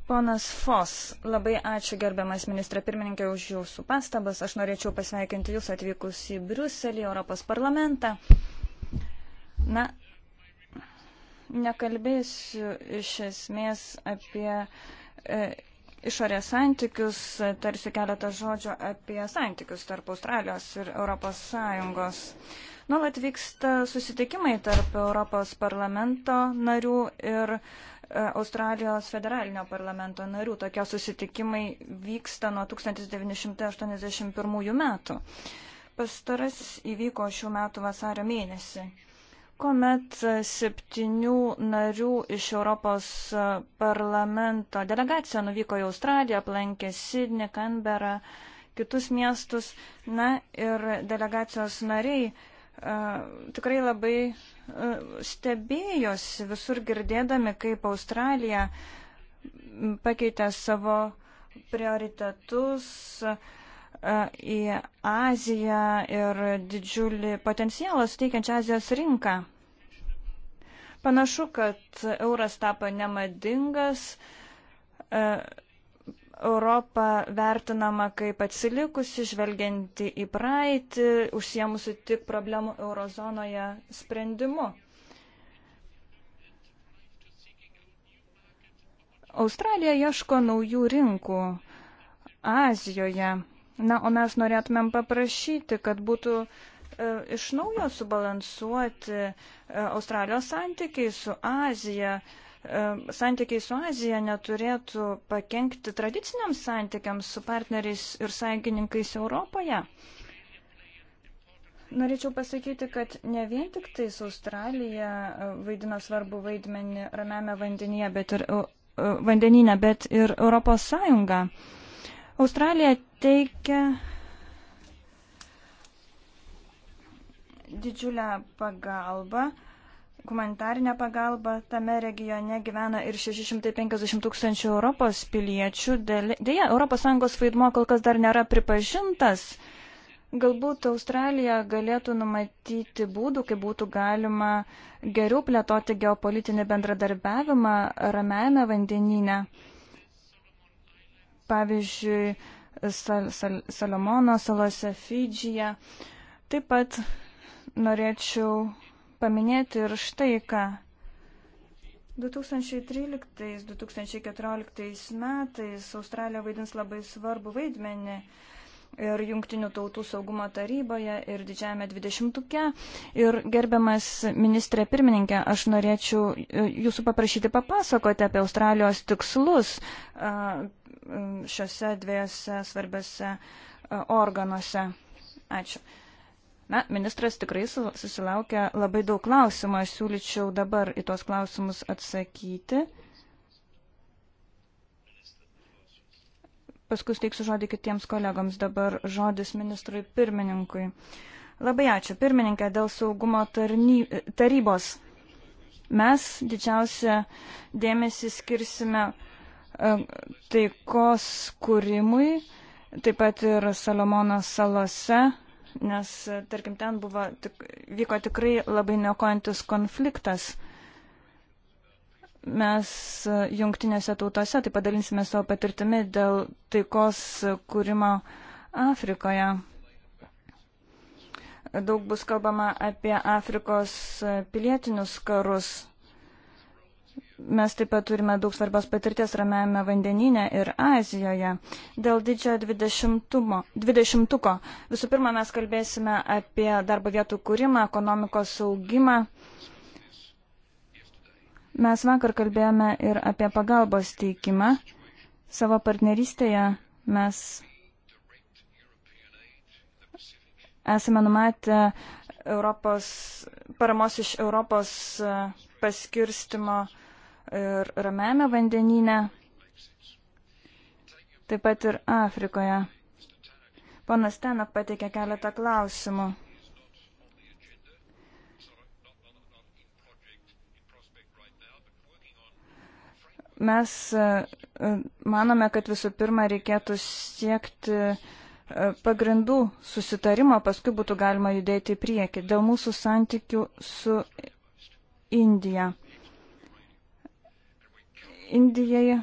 Ponas Fos, labai ačiū gerbiamas ministra pirmininkė už jūsų pastabas. Aš norėčiau pasveikinti jūs atvykus į Briuselį, Europos parlamentą. Na, nekalbėsiu iš esmės apie e, išorės santykius, tarsi keletą žodžių apie santykius tarp Australijos ir Europos Sąjungos. Nuolat vyksta susitikimai tarp Europos parlamento narių ir e, Australijos federalinio parlamento narių. Tokie susitikimai vyksta nuo 1981 metų. Pastaras įvyko šių metų vasario mėnesį kuomet septynių narių iš Europos parlamento delegacija nuvyko į Australiją, aplankė Sidnį, Kanberą, kitus miestus. Na ir delegacijos nariai uh, tikrai labai uh, stebėjosi visur girdėdami, kaip Australija pakeitė savo prioritetus. Uh, E, į Aziją ir didžiulį potencialą suteikiančią Azijos rinką. Panašu, kad euras tapo nemadingas, e, Europa vertinama kaip atsilikusi, žvelgianti į praeitį, užsiemusi tik problemų eurozonoje sprendimu. Australija ieško naujų rinkų Azijoje. Na, o mes norėtumėm paprašyti, kad būtų e, iš naujo subalansuoti e, Australijos santykiai su Azija. E, santykiai su Azija neturėtų pakengti tradiciniams santykiams su partneriais ir sąjungininkais Europoje. Norėčiau pasakyti, kad ne vien tik tais Australija vaidino svarbu vaidmenį ramiame vandenyje, bet ir vandenyne, bet ir Europos Sąjunga. Uh, Australija teikia didžiulę pagalbą, humanitarinę pagalbą. Tame regione gyvena ir 650 tūkstančių Europos piliečių. Deja, ES vaidmo kol kas dar nėra pripažintas. Galbūt Australija galėtų numatyti būdų, kaip būtų galima geriau plėtoti geopolitinį bendradarbiavimą Ramiajame vandenyne pavyzdžiui, Sal Sal Salomono salose, Fidžyje. Taip pat norėčiau paminėti ir štai ką. 2013-2014 metais Australija vaidins labai svarbu vaidmenį ir Junktinių tautų saugumo taryboje, ir didžiajame dvidešimtuke. Ir gerbiamas ministrė pirmininkė, aš norėčiau e, jūsų paprašyti papasakoti apie Australijos tikslus šiuose dviejose svarbiose organuose. Ačiū. Na, ministras tikrai susilaukia labai daug klausimų. Aš siūlyčiau dabar į tuos klausimus atsakyti. paskui steiksiu žodį kitiems kolegoms, dabar žodis ministrui pirmininkui. Labai ačiū, pirmininkė, dėl saugumo tarny, tarybos. Mes didžiausią dėmesį skirsime e, taikos kūrimui, taip pat ir Salomono salose, nes, tarkim, ten buvo, tik, vyko tikrai labai nekojantis konfliktas mes e, jungtinėse tautose tai padalinsime savo patirtimi dėl taikos kūrimo Afrikoje. Daug bus kalbama apie Afrikos pilietinius karus. Mes taip pat turime daug svarbios patirties Ramiajame vandenyne ir Azijoje. Dėl didžiojo dvidešimtuko. Visų pirma, mes kalbėsime apie darbo vietų kūrimą, ekonomikos saugimą Mes vakar kalbėjome ir apie pagalbos teikimą. Savo partnerystėje mes esame numatę Europos, paramos iš Europos e, paskirstimo ir ramiame vandenyne, taip pat ir Afrikoje. Ponas Tenok pateikė keletą klausimų. Mes e, e, manome, kad visų pirma reikėtų siekti e, pagrindų susitarimo, paskui būtų galima judėti į priekį dėl mūsų santykių su Indija. Indijai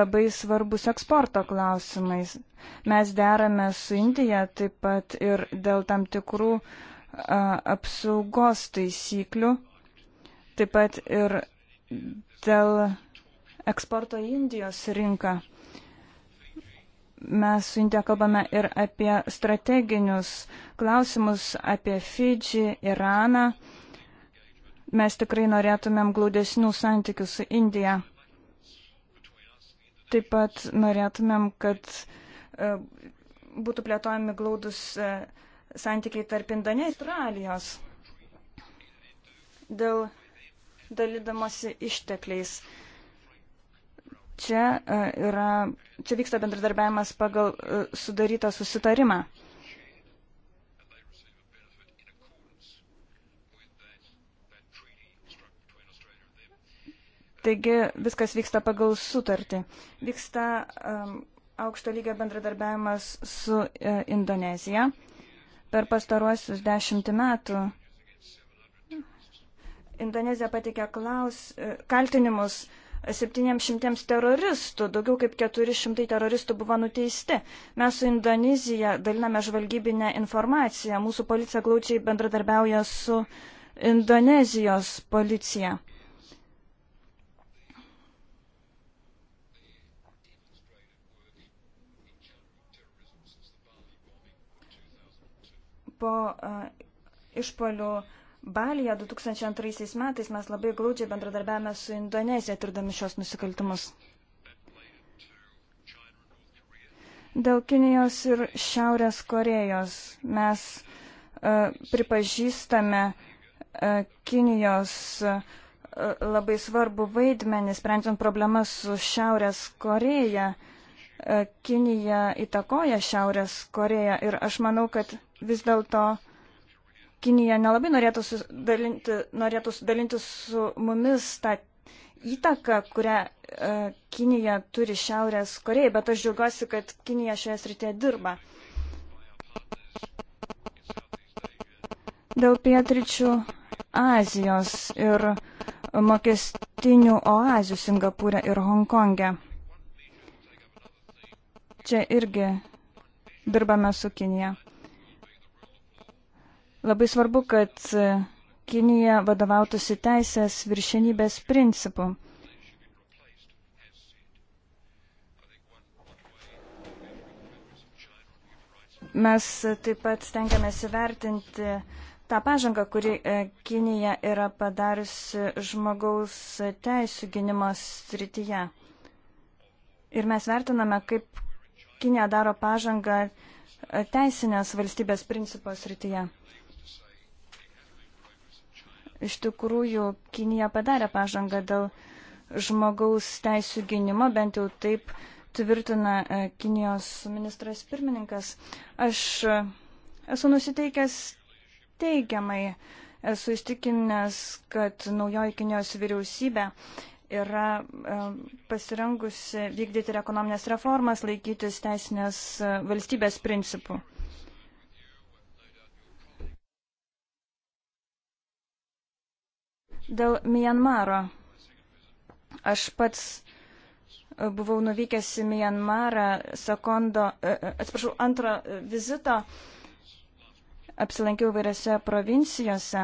labai svarbus eksporto klausimais. Mes derame su Indija taip pat ir dėl tam tikrų a, apsaugos taisyklių, taip pat ir dėl eksporto į Indijos rinką. Mes su Indija kalbame ir apie strateginius klausimus, apie Fidži, Iraną. Mes tikrai norėtumėm glaudesnių santykių su Indija. Taip pat norėtumėm, kad e, būtų plėtojami glaudus e, santykiai tarp Indonezijos ir Australijos dėl dalydamosi ištekliais. Čia, e, yra, čia vyksta bendradarbiavimas pagal e, sudarytą susitarimą. Taigi viskas vyksta pagal sutartį. Vyksta um, aukšto lygio bendradarbiavimas su uh, Indonezija. Per pastaruosius dešimtį metų Indonezija patikė klaus, uh, kaltinimus uh, 700 teroristų, daugiau kaip 400 teroristų buvo nuteisti. Mes su Indonezija daliname žvalgybinę informaciją, mūsų policija glaučiai bendradarbiauja su Indonezijos policija. Po uh, išpolių uh, Balija 2002 metais mes labai glaudžiai bendradarbiavome su Indonezija, tirdami šios nusikaltimus. Dėl Kinijos ir Šiaurės Korejos mes uh, pripažįstame uh, Kinijos uh, labai svarbu vaidmenį, sprendžiant problemas su Šiaurės Koreja. Kinija įtakoja Šiaurės Koreją ir aš manau, kad vis dėlto uh, Kinija nelabai norėtų sudalinti, norėtų sudalinti su mumis tą įtaką, kurią e, Kinija turi Šiaurės Korejai, bet aš džiaugiuosi, kad Kinija šioje srityje dirba. Dėl pietričių Azijos ir mokestinių oazių Singapūrė ir Hongkonge. Čia irgi dirbame su Kinija. Labai svarbu, kad Kinija vadovautųsi teisės viršenybės principu. Mes taip pat stengiamės įvertinti tą pažangą, kuri e, Kinija yra padariusi žmogaus teisų gynimo srityje. Ir mes vertiname, kaip Kinija daro pažangą e, teisinės valstybės principos srityje. Iš tikrųjų, Kinija padarė pažangą dėl žmogaus teisų gynimo, bent jau taip tvirtina e, Kinijos ministras pirmininkas. Aš e, esu nusiteikęs teigiamai, esu įstikinęs, kad naujoji Kinijos vyriausybė yra e, pasirengusi vykdyti ir ekonominės reformas, laikytis teisinės valstybės principų. Dėl Mianmaro. Aš pats e, buvau nuvykęs į Mianmarą sekondo, e, e, atsiprašau, antro vizito, apsilankiau vairiose provincijose.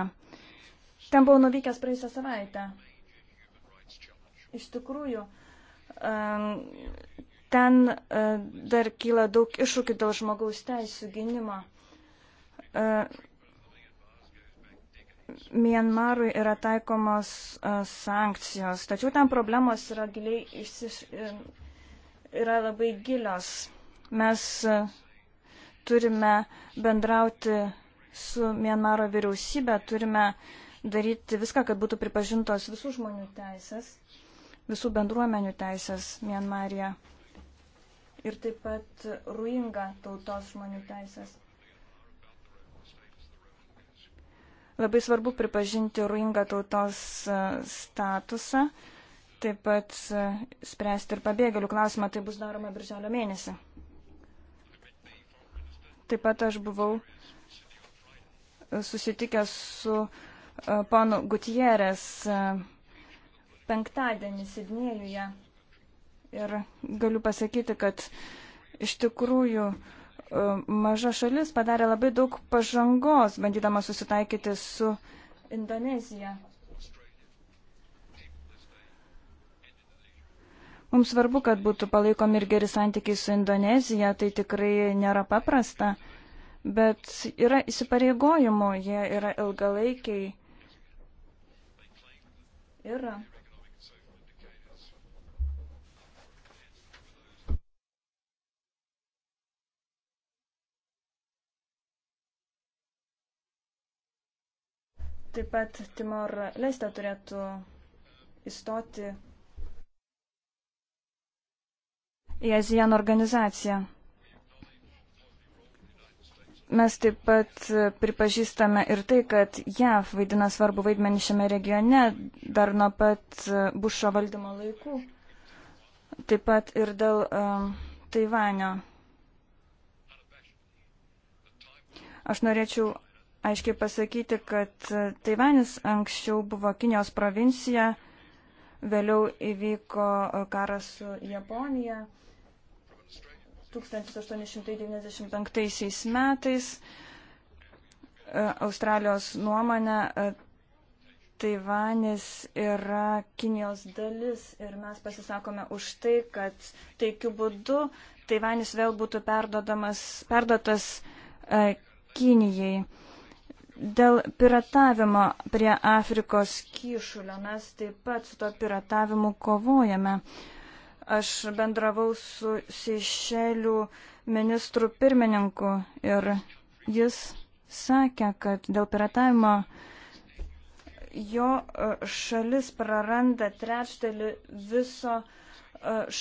Ten buvau nuvykęs praėjusią savaitę. Iš tikrųjų, ten dar kyla daug iššūkių dėl žmogaus teisų gynimo. Mienmarui yra taikomos e, sankcijos, tačiau ten problemos yra, giliai, išsiš... E, yra labai gilios. Mes e, turime bendrauti su Mienmaro vyriausybė, turime daryti viską, kad būtų pripažintos visų žmonių teisės, visų bendruomenių teisės Mienmarija ir taip pat ruinga tautos žmonių teisės. Labai svarbu pripažinti ruingą tautos e, statusą, taip pat e, spręsti ir pabėgėlių klausimą, tai bus daroma birželio mėnesį. Taip pat aš buvau e, susitikęs su ponu Gutierės penktadienį Sidnėjuje ir galiu pasakyti, kad iš tikrųjų uh, E, maža šalis padarė labai daug pažangos, bandydama susitaikyti su Indonezija. Mums svarbu, kad būtų palaikomi ir geri santykiai su Indonezija, tai tikrai nėra paprasta, bet yra įsipareigojimų, jie yra ilgalaikiai. Yra. Taip pat Timor Leste turėtų įstoti į ASEAN organizaciją. Mes taip pat pripažįstame ir tai, kad JAV vaidina svarbu vaidmenį šiame regione dar nuo pat e, Bušo valdymo laikų. Taip pat ir dėl um, Taivanio. Aš norėčiau aiškiai pasakyti, kad Taivanis anksčiau buvo Kinijos provincija, vėliau įvyko karas su Japonija 1895 metais. Australijos nuomonė, Taivanis yra Kinijos dalis ir mes pasisakome už tai, kad taikiu būdu Taivanis vėl būtų perdotas e, Kinijai. Dėl piratavimo prie Afrikos kyšulio mes taip pat su to piratavimu kovojame. Aš bendravau su Seišelių ministrų pirmininku ir jis sakė, kad dėl piratavimo jo e, šalis praranda trečdalį viso e,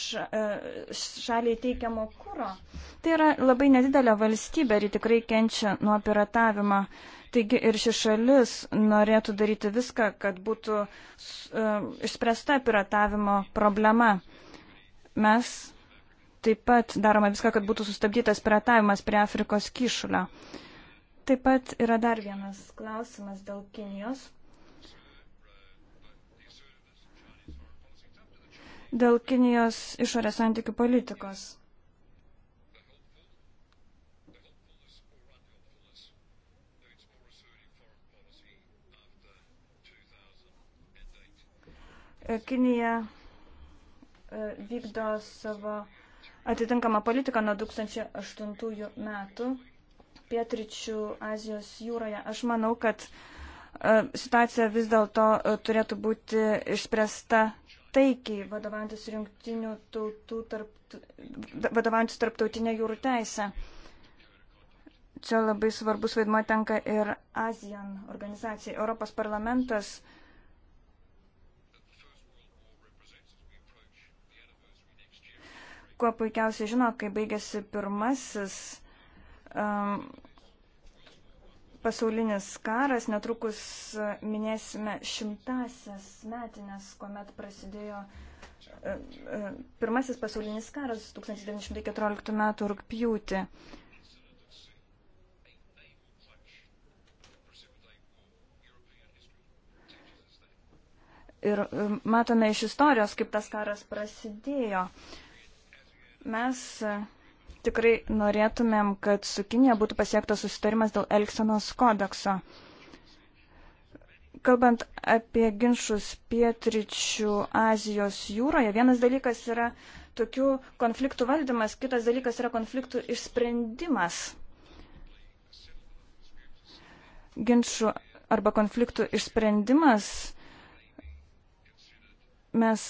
ša, e, šaliai teikiamo kūro. Tai yra labai nedidelė valstybė ir tikrai kenčia nuo piratavimo. Uh, Taigi ir ši šalis norėtų daryti viską, kad būtų e, išspręsta piratavimo problema. Mes taip pat darome viską, kad būtų sustabdytas piratavimas prie Afrikos kyšulio. Taip pat yra dar vienas klausimas dėl Kinijos. Dėl Kinijos išorės santykių politikos. Kinija e, vykdo savo atitinkamą politiką nuo 2008 metų pietričių Azijos jūroje. Aš manau, kad e, situacija vis dėlto e, turėtų būti išspręsta taikiai, vadovantis rinktinių tautų, tarp, vadovantis tarptautinė jūrų teisė. Čia labai svarbus vaidmo tenka ir ASEAN organizacijai. Europos parlamentas uh, kuo puikiausiai žino, kai baigėsi pirmasis um, pasaulinis karas, netrukus minėsime šimtasias metinės, kuomet prasidėjo um, pirmasis pasaulinis karas 1914 m. rūpjūtį. Ir um, matome iš istorijos, kaip tas karas prasidėjo. Uh, Mes e, tikrai norėtumėm, kad su Kinija būtų pasiektas susitarimas dėl Elksenos kodekso. Kalbant apie ginčius pietričių Azijos jūroje, vienas dalykas yra tokių konfliktų valdymas, kitas dalykas yra konfliktų išsprendimas. Ginčių arba konfliktų išsprendimas mes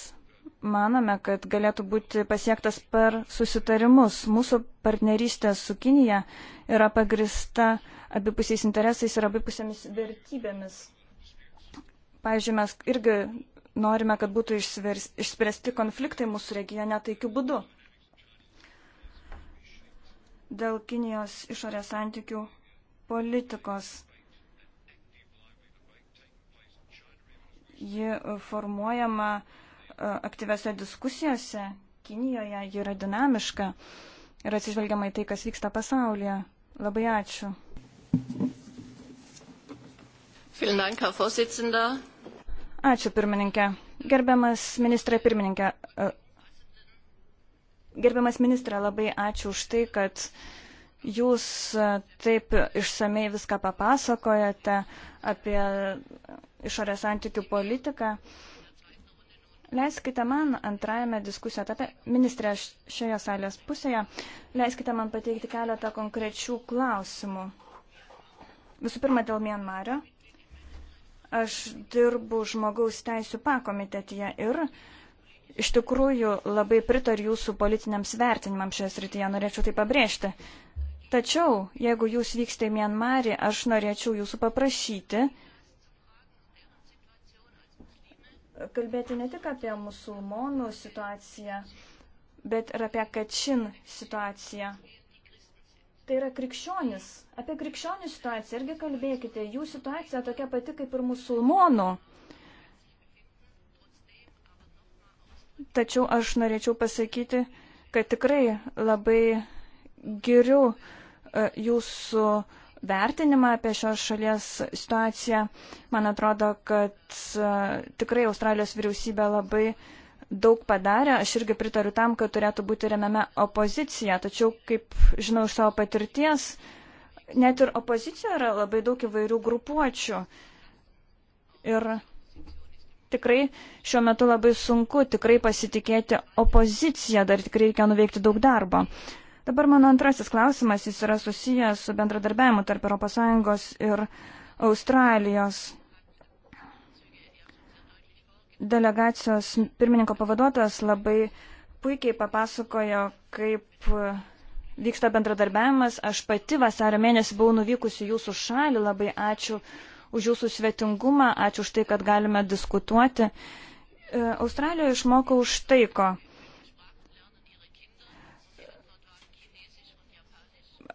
manome, kad galėtų būti pasiektas per susitarimus. Mūsų partnerystė su Kinija yra pagrista abipusiais interesais ir abipusėmis vertybėmis. Pavyzdžiui, mes irgi norime, kad būtų išsvers, išspręsti konfliktai mūsų regione taikiu būdu. Dėl Kinijos išorės santykių politikos ji formuojama uh, aktyvėse diskusijose. Kinijoje ji yra dinamiška ir atsižvelgiama į tai, kas vyksta pasaulyje. Labai ačiū. Ačiū pirmininkė. Gerbiamas ministrė pirmininkė. Gerbiamas ministrė, labai ačiū už tai, kad Jūs taip išsamei viską papasakojate apie išorės santykių politiką. Leiskite man antrajame diskusijų etape, ministrė šioje salės pusėje, leiskite man pateikti keletą konkrečių klausimų. Visų pirma, dėl Mianmario. Aš dirbu žmogaus teisų pakomitetyje ir iš tikrųjų labai pritariu jūsų politiniams vertinimams šioje srityje, norėčiau tai pabrėžti. Tačiau, jeigu jūs vykstate į Mianmarį, aš norėčiau jūsų paprašyti kalbėti ne tik apie musulmonų situaciją, bet ir apie kačin situaciją. Tai yra krikščionis. Apie krikščionių situaciją irgi kalbėkite. Jų situacija tokia pati kaip ir musulmonų. Tačiau aš norėčiau pasakyti, kad tikrai labai geriu e, jūsų uh, vertinimą apie šios šalies situaciją, man atrodo, kad e, tikrai Australijos vyriausybė labai daug padarė. Aš irgi pritariu tam, kad turėtų būti remiama opozicija. Tačiau, kaip žinau iš savo patirties, net ir opozicijoje yra labai daug įvairių grupuočių. Ir tikrai šiuo metu labai sunku tikrai pasitikėti opoziciją, dar tikrai reikia nuveikti daug darbo. Uh, Dabar mano antrasis klausimas, jis yra susijęs su bendradarbiavimu tarp ES ir Australijos. Delegacijos pirmininko pavaduotojas labai puikiai papasakojo, kaip vyksta bendradarbiavimas. Aš pati vasario mėnesį buvau nuvykusi jūsų šalį. Labai ačiū už jūsų svetingumą, ačiū už tai, kad galime diskutuoti. E, Australijoje išmokau už tai, ko.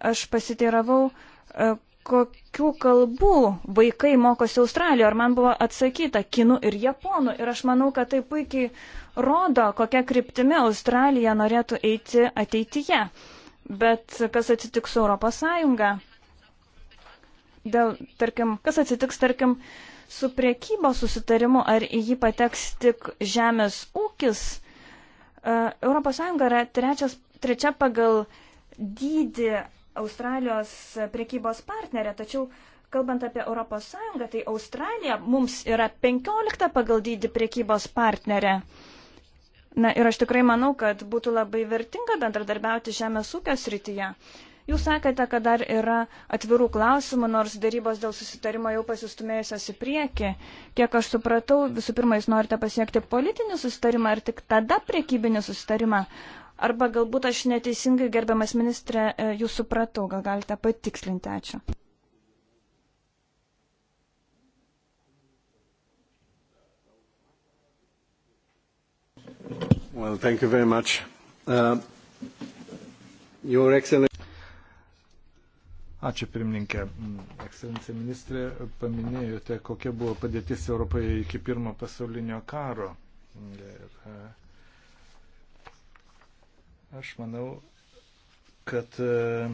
aš pasiteiravau, e, kokių kalbų vaikai mokosi Australijoje. Ir man buvo atsakyta kinų ir japonų. Ir aš manau, kad tai puikiai rodo, kokia kryptimi Australija norėtų eiti ateityje. Bet kas atsitiks su Europos Sąjunga? Dėl, tarkim, kas atsitiks, tarkim, su priekybos susitarimu, ar į jį pateks tik žemės ūkis? E, Europos Sąjunga yra trečias, trečia pagal dydį Australijos priekybos partnerė, tačiau kalbant apie ES, tai Australija mums yra 15 pagal dydį priekybos partnerė. Na ir aš tikrai manau, kad būtų labai vertinga bendradarbiauti žemės ūkio srityje. Jūs sakėte, kad dar yra atvirų klausimų, nors darybos dėl susitarimo jau pasistumėjusios į priekį. Kiek aš supratau, visų pirma, jūs norite pasiekti politinį susitarimą ir tik tada priekybinį susitarimą. Arba galbūt aš neteisingai, gerbiamas ministrė, e, jūs supratau, gal galite patikslinti, ačiū. Well, thank you very much. Uh, your Excellency. Ačiū pirmininkė. Mm, ekscelencija ministrė, paminėjote, kokia buvo padėtis Europoje iki pirmo pasaulinio karo. Mm, ir e, Aš manau, kad e,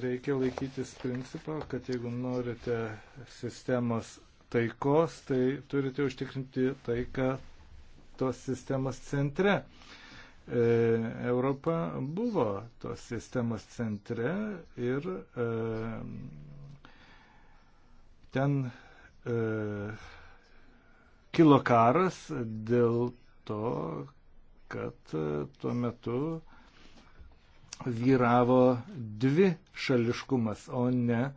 reikia laikytis principo, kad jeigu norite sistemos taikos, tai turite užtikrinti taiką tos sistemos centre. E, Europa buvo tos sistemos centre ir e, ten kilo karas dėl to, kad tuo metu vyravo dvi šališkumas, o ne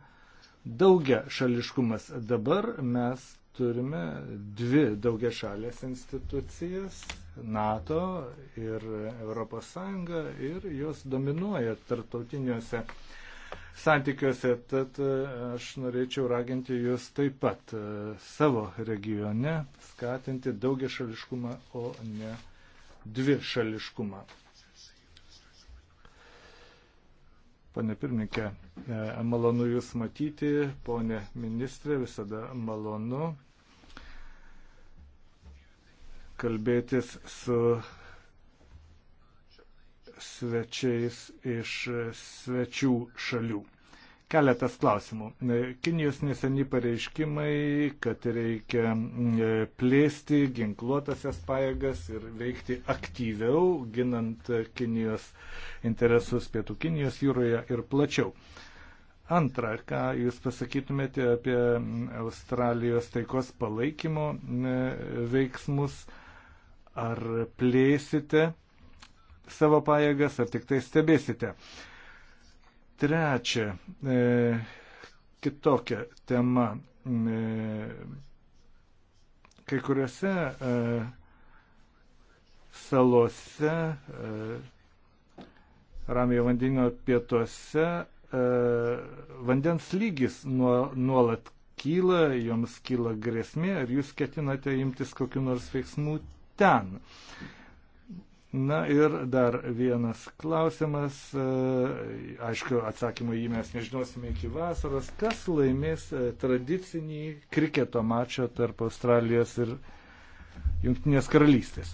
daugia šališkumas. Dabar mes turime dvi daugia šalės institucijas - NATO ir ES ir jos dominuoja tarptautiniuose santykiuose. Tad e, aš norėčiau raginti jūs taip pat e, savo regione skatinti daugia šališkumą, o ne dvi šališkumą. Pane pirmininkė, e, malonu Jūs matyti, ponė ministrė, visada malonu kalbėtis su svečiais iš svečių šalių. Keletas klausimų. E, Kinijos neseni pareiškimai, kad reikia e, plėsti ginkluotasias pajėgas ir veikti aktyviau, ginant Kinijos interesus pietų Kinijos jūroje ir plačiau. Antra, ką Jūs pasakytumėte apie Australijos taikos palaikymo e, veiksmus, ar plėsite savo pajėgas, ar tik tai stebėsite? Uh, Trečia, e, kitokia tema. E, kai kuriuose e, salose, e, Ramio vandenino pietuose, e, vandens lygis nuo, nuolat kyla, joms kyla grėsmė, ar jūs ketinate imtis kokiu nors veiksmų ten? E, Na ir dar vienas klausimas, e, aišku, atsakymą jį mes nežinosime iki vasaros, kas laimės e, tradicinį kriketo mačą tarp Australijos ir Junktinės karalystės.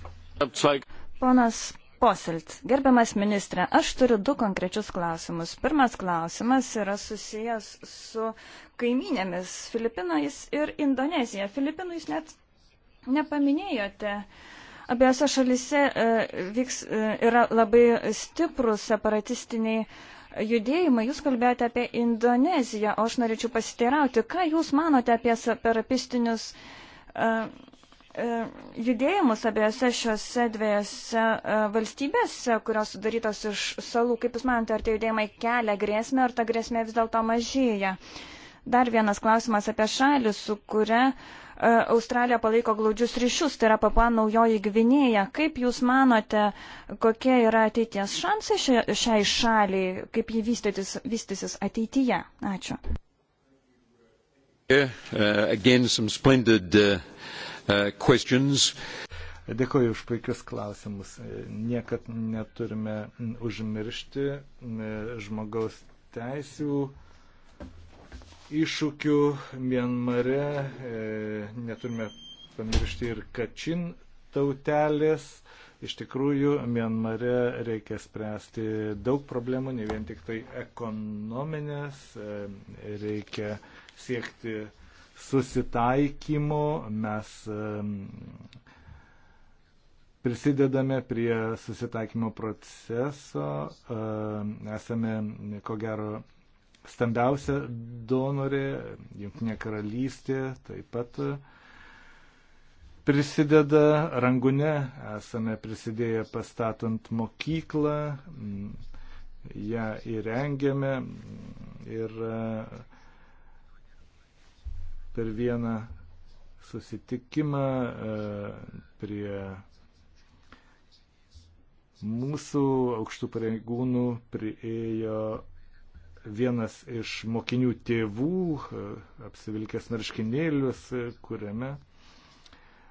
Ponas Poselt, gerbiamas ministrė, aš turiu du konkrečius klausimus. Pirmas klausimas yra susijęs su kaiminėmis Filipinais ir Indonezija. Filipinų jūs net nepaminėjote. Uh, Abiejose šalise e, vyks, e, yra labai stiprus separatistiniai judėjimai. Jūs kalbėjote apie Indoneziją, o aš norėčiau pasiteirauti, ką Jūs manote apie separatistinius e, judėjimus abiejose šiuose dviejose valstybėse, kurios sudarytos iš salų. Kaip Jūs manote, ar tie judėjimai kelia grėsmę, ar ta grėsmė vis dėlto mažėja? Dar vienas klausimas apie šalį, su kuria uh, E, Australija palaiko glaudžius ryšius, tai yra Papua Naujoji Gvinėja. Kaip Jūs manote, kokie yra ateities šansai šia, šiai šaliai, kaip jį vystytis, vystysis ateityje? Ačiū. Uh, uh, uh, Dėkuoju už puikius klausimus. Niekad neturime užmiršti žmogaus teisų iššūkių Mienmare, e, neturime pamiršti ir Kačin tautelės. Iš tikrųjų, Mienmare reikia spręsti daug problemų, ne vien tik tai ekonominės, e, reikia siekti susitaikymo, mes e, prisidedame prie susitaikymo proceso, esame ko gero stambiausia donorė, Junktinė karalystė taip pat prisideda, Rangune esame prisidėję pastatant mokyklą, ją įrengėme ir e, per vieną susitikimą e, prie mūsų aukštų pareigūnų priejo vienas iš mokinių tėvų, e, apsivilkęs marškinėlius, e, kuriame,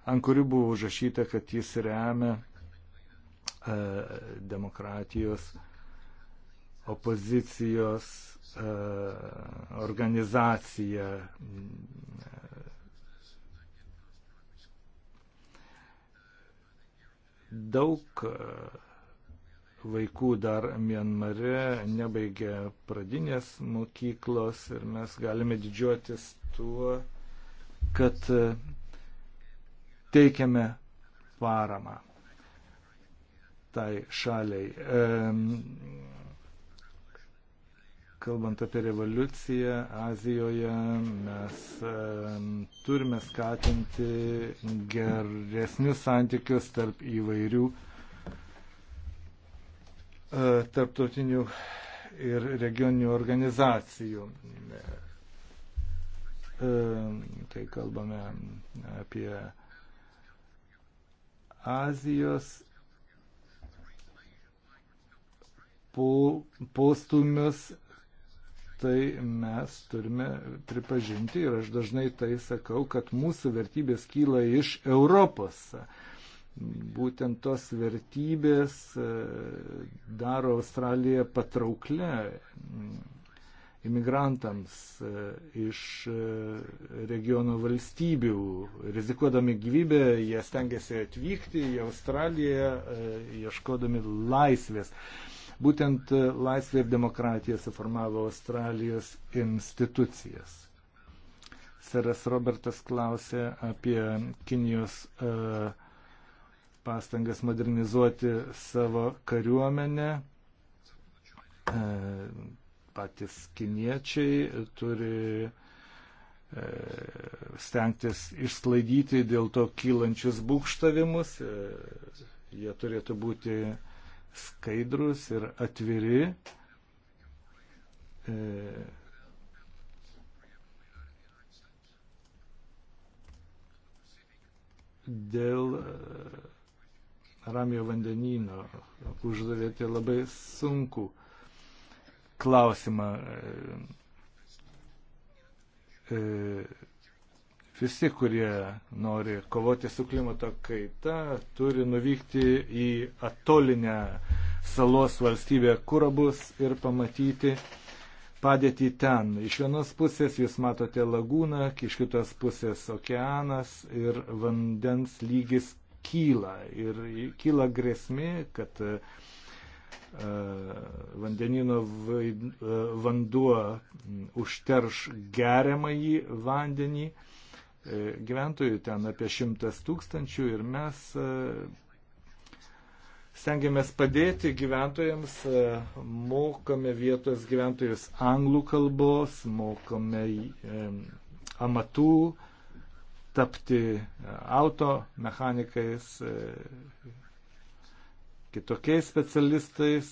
ant kurių buvo užrašyta, kad jis remia e, demokratijos opozicijos organizacija. Daug vaikų dar Mienmare nebaigia pradinės mokyklos ir mes galime didžiuotis tuo, kad e, teikiame paramą tai šaliai. Kalbant apie revoliuciją Azijoje, mes turime skatinti geresnius santykius tarp įvairių E, tarptautinių ir regioninių organizacijų. Tai kalbame apie Azijos postumius, tai mes turime pripažinti ir aš dažnai tai sakau, kad mūsų vertybės kyla iš Europos. Būtent tos vertybės e, daro Australiją patrauklę mm, imigrantams e, iš e, regiono valstybių. Rizikuodami gyvybę, jie stengiasi atvykti į Australiją, ieškodami laisvės. Būtent laisvė ir demokratija suformavo Australijos institucijas. Seras Robertas klausė apie Kinijos uh, pastangas modernizuoti savo kariuomenę. E, patys kiniečiai turi e, stengtis išsklaidyti dėl to kylančius būkštavimus. E, jie turėtų būti skaidrus ir atviri. Dėl Ramio vandenyno. Uždavėte labai sunku klausimą. E, e, visi, kurie nori kovoti su klimato kaita, turi nuvykti į atolinę salos valstybę Kurabus ir pamatyti padėtį ten. Iš vienos pusės jūs matote lagūną, iš kitos pusės okeanas ir vandens lygis kyla ir kyla grėsmė, kad e, vandenino e, vanduo užterš geriamąjį vandenį. E, gyventojų ten apie šimtas tūkstančių ir mes stengiamės padėti gyventojams, mokome vietos gyventojus anglų kalbos, mokome amatų, tapti e, auto mechanikais, e, kitokiais specialistais,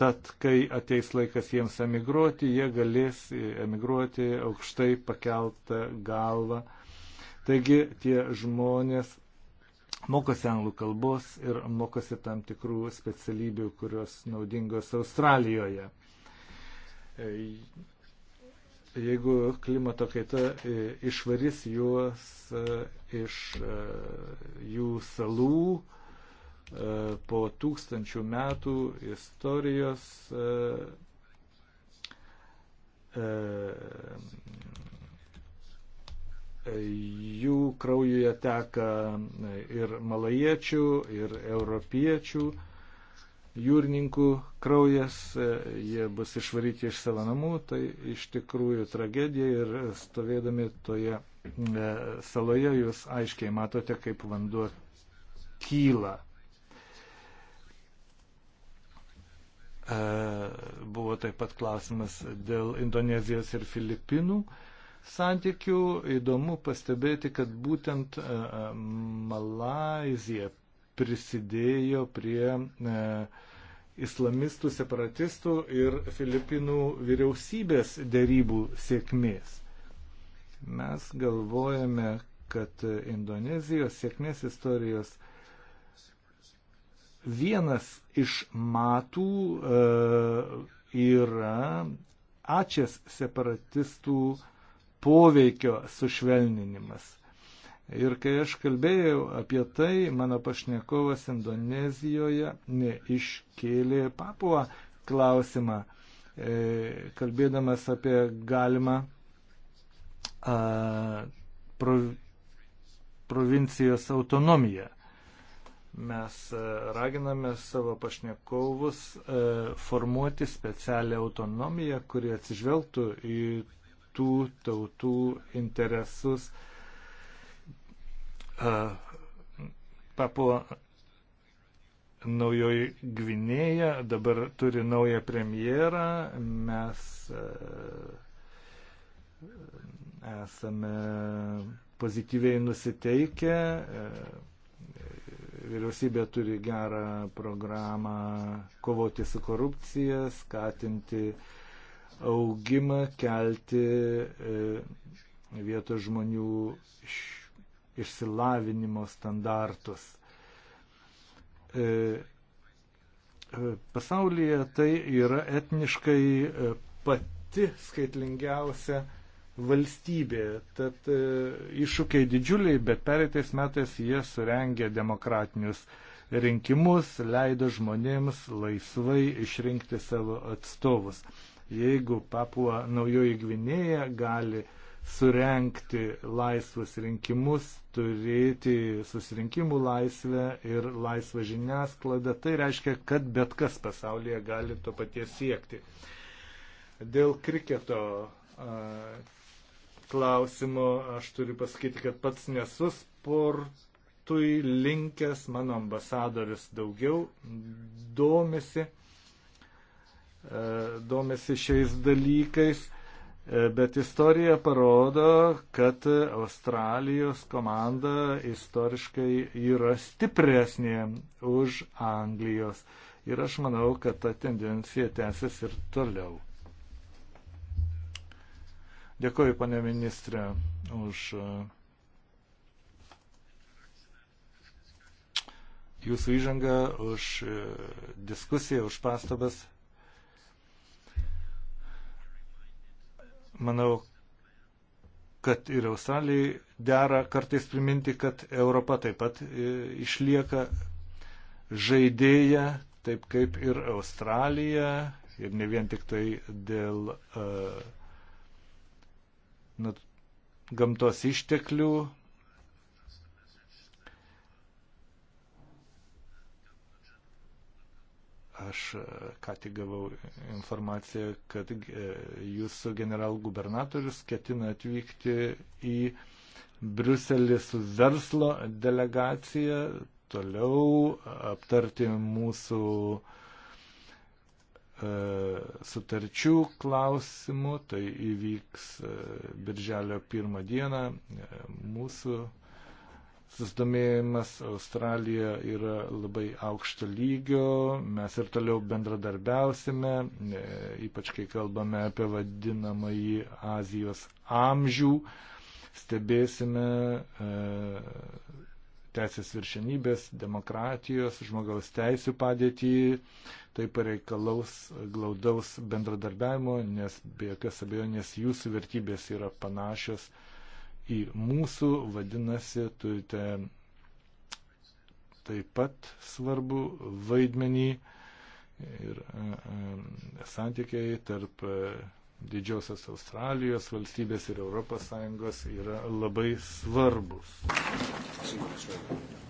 tad kai ateis laikas jiems emigruoti, jie galės e, emigruoti aukštai pakeltą galvą. Taigi tie žmonės mokosi anglų kalbos ir mokosi tam tikrų specialybių, kurios naudingos Australijoje jeigu klimato kaita e, išvarys juos e, iš e, jų salų po tūkstančių metų istorijos jų kraujuje teka ir malajiečių, ir europiečių, jūrininkų kraujas, e, jie bus išvaryti iš savo namų, tai iš tikrųjų tragedija ir stovėdami toje e, saloje jūs aiškiai matote, kaip vanduo kyla. E, buvo taip pat klausimas dėl Indonezijos ir Filipinų santykių. Įdomu pastebėti, kad būtent Malazija prisidėjo prie e, islamistų, separatistų ir Filipinų vyriausybės dėrybų sėkmės. Mes galvojame, kad Indonezijos sėkmės istorijos vienas iš matų e, yra ačias separatistų poveikio sušvelninimas. Ir kai aš kalbėjau apie tai, mano pašnekovas Indonezijoje iškėlė papuą klausimą, e, kalbėdamas apie galimą a, prov, provincijos autonomiją. Mes e, raginame savo pašnekovus e, formuoti specialią autonomiją, kuri atsižvelgtų į tų tautų interesus, Papuo naujoji Gvinėja dabar turi naują premjerą. Mes esame pozityviai nusiteikę. Vyriausybė turi gerą programą kovoti su korupcija, skatinti augimą, kelti e, vietos žmonių išsilavinimo standartus. E, e, pasaulyje tai yra etniškai e, pati skaitlingiausia valstybė. Tad e, iššūkiai didžiuliai, bet pereitais metais jie surengė demokratinius rinkimus, leido žmonėms laisvai išrinkti savo atstovus. Jeigu Papua Naujoji Gvinėja gali e, surenkti laisvus rinkimus, turėti susirinkimų laisvę ir laisvą žiniasklaidą. Tai reiškia, kad bet kas pasaulyje gali to paties siekti. Dėl kriketo a, klausimo aš turiu pasakyti, kad pats nesu sportui linkęs, mano ambasadorius daugiau domisi, a, domisi šiais dalykais. E, bet istorija parodo, kad Australijos komanda istoriškai yra stipresnė už Anglijos. Ir aš manau, kad ta tendencija tęsis ir toliau. Dėkuoju, pane ministrė, už e, jūsų įžangą, už e, diskusiją, už pastabas. Manau, kad ir Australijai dera kartais priminti, kad Europa taip pat e, išlieka žaidėja, taip kaip ir Australija, ir ne vien tik tai dėl uh, nu, gamtos išteklių, Aš e, ką tik gavau informaciją, kad e, jūsų generalgubernatorius ketina atvykti į Briuselį su verslo delegacija, toliau aptarti mūsų e, sutarčių klausimų, tai įvyks Birželio pirmą dieną mūsų Susidomėjimas Australija yra labai aukšto lygio, mes ir toliau bendradarbiausime, e, ypač kai kalbame apie vadinamąjį Azijos amžių, stebėsime e, teisės viršenybės, demokratijos, žmogaus teisų padėtį, tai pareikalaus glaudaus bendradarbiavimo, nes be jokios abejonės jūsų vertybės yra panašios į mūsų, vadinasi, turite taip pat svarbu vaidmenį ir e, e, santykiai tarp e, didžiosios Australijos valstybės ir ES yra labai svarbus. Thank you.